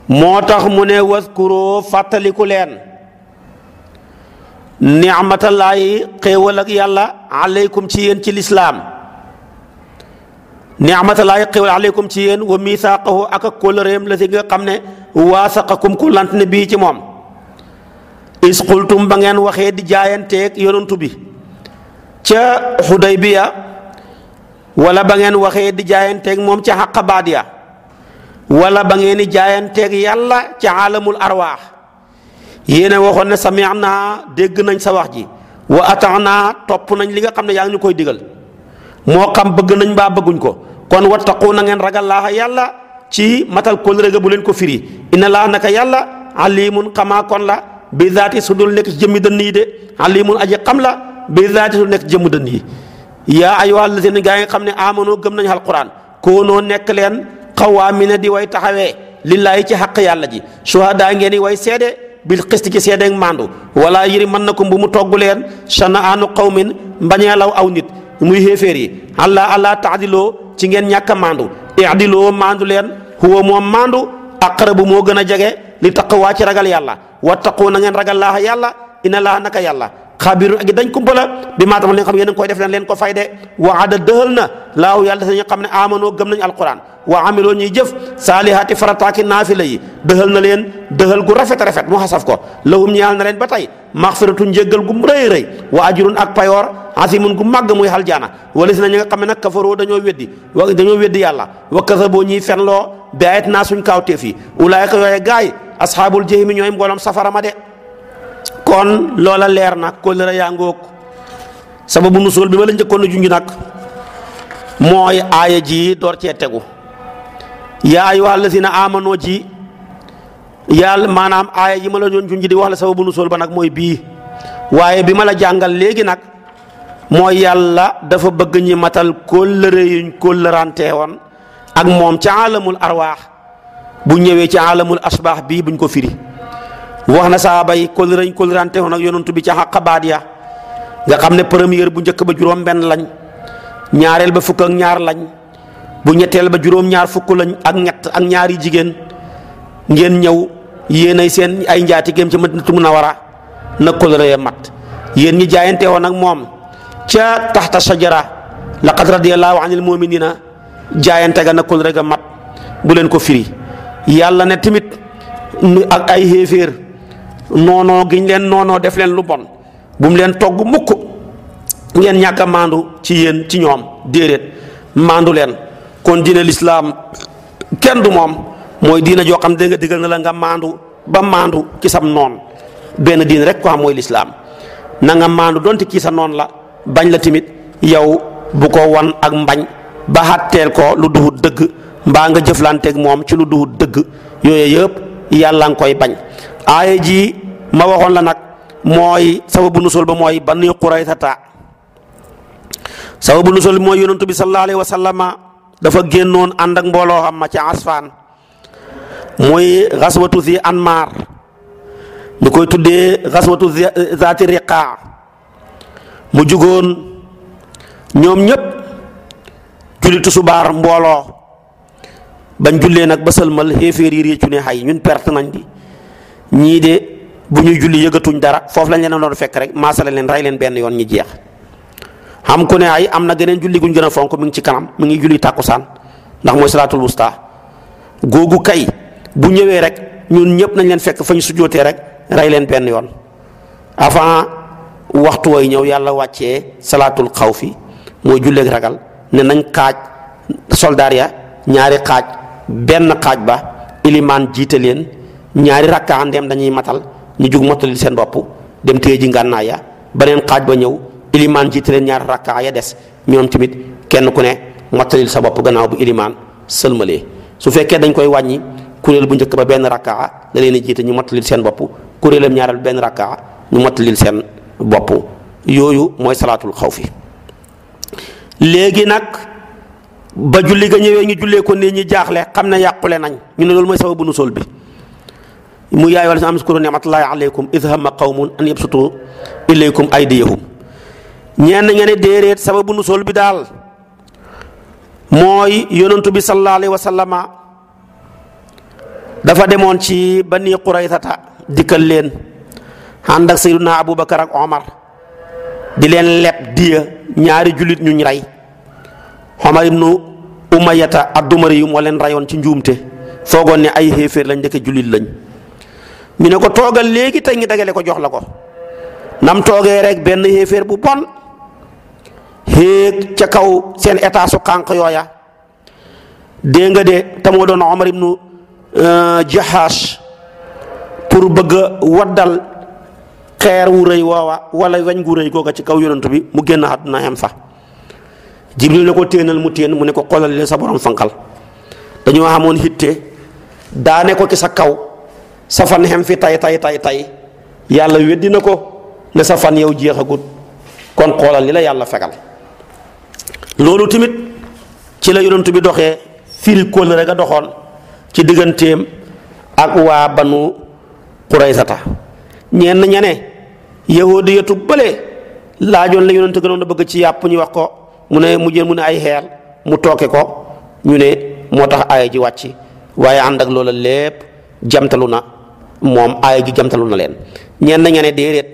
Speaker 1: moo tax mu ne was waskuroo fàttaliku leen ni'matallaahi xéewal ak yàlla aleykum ci yéen ci lislaam ni'matallaahi xéewal aleykum ci yéen wa misaaqahu ak ak kóllëreem la si nga xam ne waasaqakum ku lant ne bii ci moom isqultum ba ngeen waxee di jaayanteeg yonantu bi ca xudaybiya wala ba ngeen waxee di jaayanteeg moom ca xaqabaat ya wala ba ngeen di jaayanteeg yàlla ca aalamul arwaax yéena waxoon ne sa naa dégg nañ sa wax ji wa ata'na topp nañ li nga xam ne yaa ngi ñu koy digal moo xam bëgg nañ mbaa bëgguñ ko kon wattaqu na ngeen ragal laaha yàlla ci matal kóllëre ga bu leen ko firi inna laa naka yàlla alimun xamaa kon la bi zaati sudul nekk ci jëmmi dënn yi de alimun aji xam la bi zaati su nekk jëmu dënn yi yaa ayyuhal lazina gaa yi nga xam ne amanoo gëm nañu alquran koonoo nekk leen xawaamina di way taxawee lillaahi ci xaq yàlla ji suhadaa ngeen di way seede bil xist ci seede ak maandu wala yëri mën na ko bu mu togg leen sana aanu qawmin mbañee law aw nit muy xéeféer yi allah allah taadiloo ci ngeen ñàkk a maandu iadiloo maandu leen huwa moom maandu aqrabu moo gën a jege li taqwaa ci ragal yàlla wattaqu na ngeen ragal la yàlla inna laaha naka yàlla xabiru ak dañ kumpala bi maa tamal li nga xam yéen a ngi koy def leen leen ko fay de wa ada dëhal na laahu yàlla dañu xam ne amanoo gëm nañ alquran wa amiloo ñuy jëf saalihaati farataaki naafila yi na leen dëhal gu rafet mu xasaf ko lahum ñaal na leen ba tey maxfiratun njéggal gu rëy rëy wa ajurun ak payoor asimun gu màgg muy haljaana walis na ñi xam ne nag kafaroo dañoo weddi wa dañoo weddi yàlla wa kasaboo ñuy fenloo bi ayat naa suñ kaawteef yi ulaayka yooye gaay ashaabul jahimi ñooy ma kon loola leer na kóllëre yaa ngoog sababu nusul bi ma la njëkkoon a junj nag mooy aaya ji door cee tegu yaa ayyuhal lazina aamanu ji yàlla maanaam aaya ji ma la doon junj di wax la sababu nusul ba nag mooy bii waaye bi ma la jàngal léegi nag mooy yàlla dafa bëgg ñi matal kóllëre yuñ kóllërante woon ak moom ci alamul arwaax bu ñëwee ci alamul asbaax bii buñ ko firi. wax na saaba yi kóllërañ kóllërante woon ak yonantu bi ca xaqabaat ya nga xam ne première bu njëkk ba juróom benn lañ ñaareel ba fukk ak ñaar lañ bu ñetteel ba juróom ñaar fukk lañ ak ñett ak ñaari jigéen ngeen ñëw yéen ay seen ay njaatigéem ca Madinatu Munawara na kóllëre ya mat yéen ñi jaayante woon moom ca taxta sajara laqad radiyallahu moomi muminina jaayante ga na kóllëre ga mat bu leen ko firi yàlla ne tamit ak ay xéeféer noonoo giñ leen noonoo def leen lu bon bu mu leen togg mukk ngeen ñàkk a maandu ci yéen ci ñoom déedéet maandu leen kon diine lislaam kenn du moom mooy diina joo xam dégg nga digal na la nga maandu ba maandu ci sam noon benn diine rek ko am mooy lislaam nanga nga maandu donte kii sa noon la bañ la tamit yow bu ko won ak mbañ ba xàtteel ko lu duhut dëgg mbaa nga jëflanteeg moom ci lu duhut dëgg yooyu yëpp yàlla nga koy bañ aaya ji ma waxoon la nag mooy sababu nusul ba mooy bani quraysata sababu nusul bi mooy yonantu tubi sallallahu alayhi wa sallama dafa génnoon ànd ak mbooloo xam ma ca mooy muy xaswatu si anmar ñu koy tuddee xaswatu zaati riqa mu jugoon ñoom ñëpp jullitu subaar mbooloo bañ jullee nag ba sëlmal xéeféer yi réccu ne xay ñun perte nañ di ñii de bu ñuy julli yëgatuñ dara foofu lañ leen doon fekk rek maasale leen rey leen benn yoon ñi jeex xam ku ne ay am na geneen julli guñ gën a fonk mu ngi ci kanam mu ngi julli tàkkusaan ndax mooy salaatul wusta googu kay bu ñëwee rek ñun ñëpp nañ leen fekk fa ñu sujjootee rek rey leen benn yoon avant waxtu way ñëw yàlla wàccee salaatul xaw xawfi mooy julleeg ragal ne nañ xaaj soldaar ñaari xaaj benn xaaj ba ilimaan jiite leen ñaari rakkaa ndeem dañuy matal ñu jug mottali seen bopp dem téye ji ngànnaay ya beneen xaaj ba ñëw ilimaan jiite leen ñaari rakkaa ya des ñoom tamit kenn ku ne mottalil sa bopp gannaaw bu ilimaan sëlmalee su fekkee dañ koy wàññi kuréel bu njëkk ba benn rakkaa la leen jiite ñu mottalil seen bopp kuréelam ñaaral benn rakkaa ñu mottalil seen bopp yooyu mooy salaatul xawfi léegi nag ba julli ga ñëwee ñu jullee ko nit ñi jaaxle xam ne yàqule nañ ñu ne loolu mooy sababu nusool bi mu yaay wala si am uskuru ni'matallahi alaykum idh hamma qawmun an yabsutu ilaykum aydiyahum ñenn ngeen ne déeréet sababu sol bi daal mooy yonantu bi sallallahu alayhi wa sallama dafa demoon ci bani quraysata dikkal leen ànd ak sayyiduna abubakar ak omar di leen leb diya ñaari jullit ñu ñu rey Omar nu Umayata ad-Dumari yu moo leen rayoon ci njuumte foogoon ne ay xéeféer lañ ndeke jullit lañ ñu ne ko toogal léegi tey ñu dagale ko jox la ko nam toogee rek benn xéeféer bu bon xéeg ca kaw seen état su kànq yooya dégg nga de te moo doon Omar ibnu euh, Jahash pour bëgg a waddal xeer wu rëy woowa wala weñ gu rëy googa ci kaw yonent bi mu génn àdduna am sax jibril na ko téenal mu téen mu ne ko xoolal leen sa borom fanqal dañoo amoon hitte daane ko ci sa kaw sa fan xem fi tay tay tay tay yàlla weddi na ko ne sa fan yow jeexagut kon xoolal li la yàlla fegal loolu tamit ci la yonent bi doxee firi kóllëre ga doxoon ci digganteem ak waa banu Quraysata ñenn ña ne yahudiyatu bële laajoon la yonent gënoon a bëgg ci yàpp ñu wax ko mu ne mu jël mu ne ay xeer mu tooke ko ñu ne moo tax aaya ji wàcc waaye ànd ak loola lépp jamtalu na moom aaya ji jamtalu na leen ñeen na ñene déedéet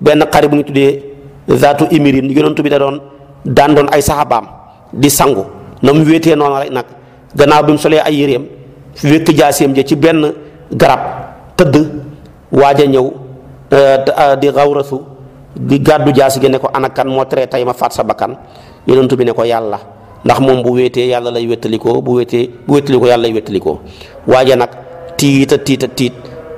Speaker 1: benn xari bu ñu tuddee zaatu imirin yonentu bi da doon daan doon ay saxabaam di sangu na mu wéetee noonu rek nag gannaaw bi mu solee ay yéreem wékk jaaseem ja ci benn garab tëdd waaj a ñëw euh, di xawrasu euh, di gàddu jaasi gi ne ko anakan moo tere tey ma faat sa bakkan yonentu bi ne ko yàlla ndax moom bu wéetee yàlla lay wéttalikoo bu wéetee bu wéttalikoo yàlla lay wéttalikoo waaja nag tiita tiita tiit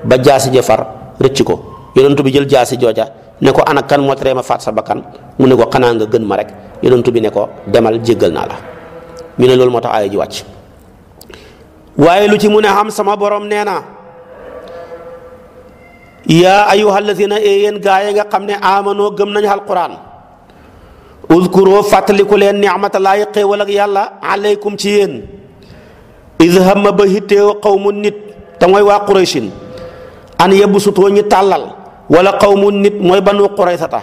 Speaker 1: ba jaasi ja far rëcc ko yonentu bi jël jaasi jooja ne ko ana kan moo ma faat sa bakkan mu ne ko xanaa nga gën ma rek yonentu bi ne ko demal jéggal naa la ñu ne loolu moo tax aaya ji wàcc waaye lu ci mu ne xam sama borom nee naa yaa ayyuhallazina yéen gaa yi nga xam ne noo gëm nañu alquran uzkuroo fàttaliku leen ni'matallaahi xéewal ak yàlla aleykum ci yéen id hamma ba hittee xawmu nit te mooy waa quraysin an yebbu sutoo ñi tàllal wala xawmu nit mooy banu quraysata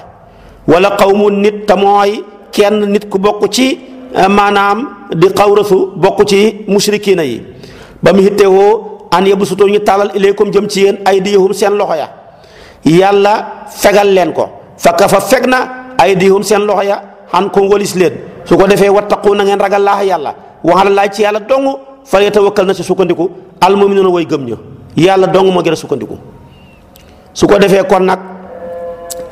Speaker 1: wala xawmu nit te mooy kenn nit ku bokk ci eh, maanaam di xawrasu bokk ci musrikiina yi ba mu hittee woo an yebbu sutoo ñi tàllal ilaykum jëm ci yéen ay diyahum seen loxo ya yàlla fegal leen ko fa kafa feg na ay aydihum seen loxo ya xan kum walis leen su ko defee wattaqu na ngeen ragal laax yàlla waxal laaj ci yàlla dong fal yatawakkal na si sukkandiku al mu'minuuna way gëm ña yàlla dong moo sukkandiku su ko defee kon nag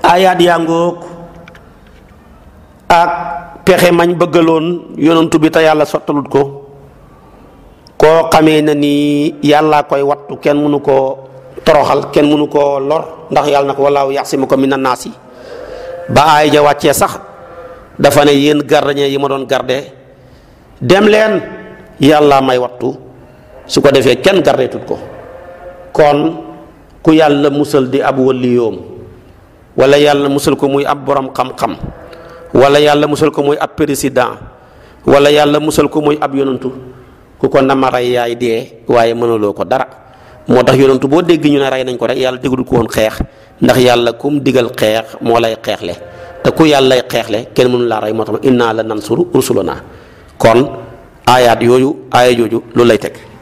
Speaker 1: ayaat yaa ngoog ak pexe mañ bëggaloon yonantu bi te yàlla sottalut ko koo xamee na ni yàllaa koy wattu kenn mënu ko toroxal kenn munu koo lor ndax yàlla na ko wallaahu yaxsimuka mina naasi ba aay ja wàccee sax dafa ne yéen gardien yi ma doon garde dem leen yàlla may wattu su ko defee kenn garde ko kon ku yàlla musal di ab waliyoom wala yàlla musal ko muy ab borom xam-xam wala yàlla musal ko muy ab président walla yàlla musal ko muy ab yonantu ku ko nama rey yaay dee waaye mënuloo ko dara moo tax yonantu boo dégg ñu ne rey nañ ko rek yàlla déglu ko woon xeex ndax yàlla ku kum diggal xeex moo lay xeexle te ku yàlla lay xeexle kenn mënu laa rey moo tax innaa la nansuru naa kon aayaat yooyu aaya jooju loolu lay teg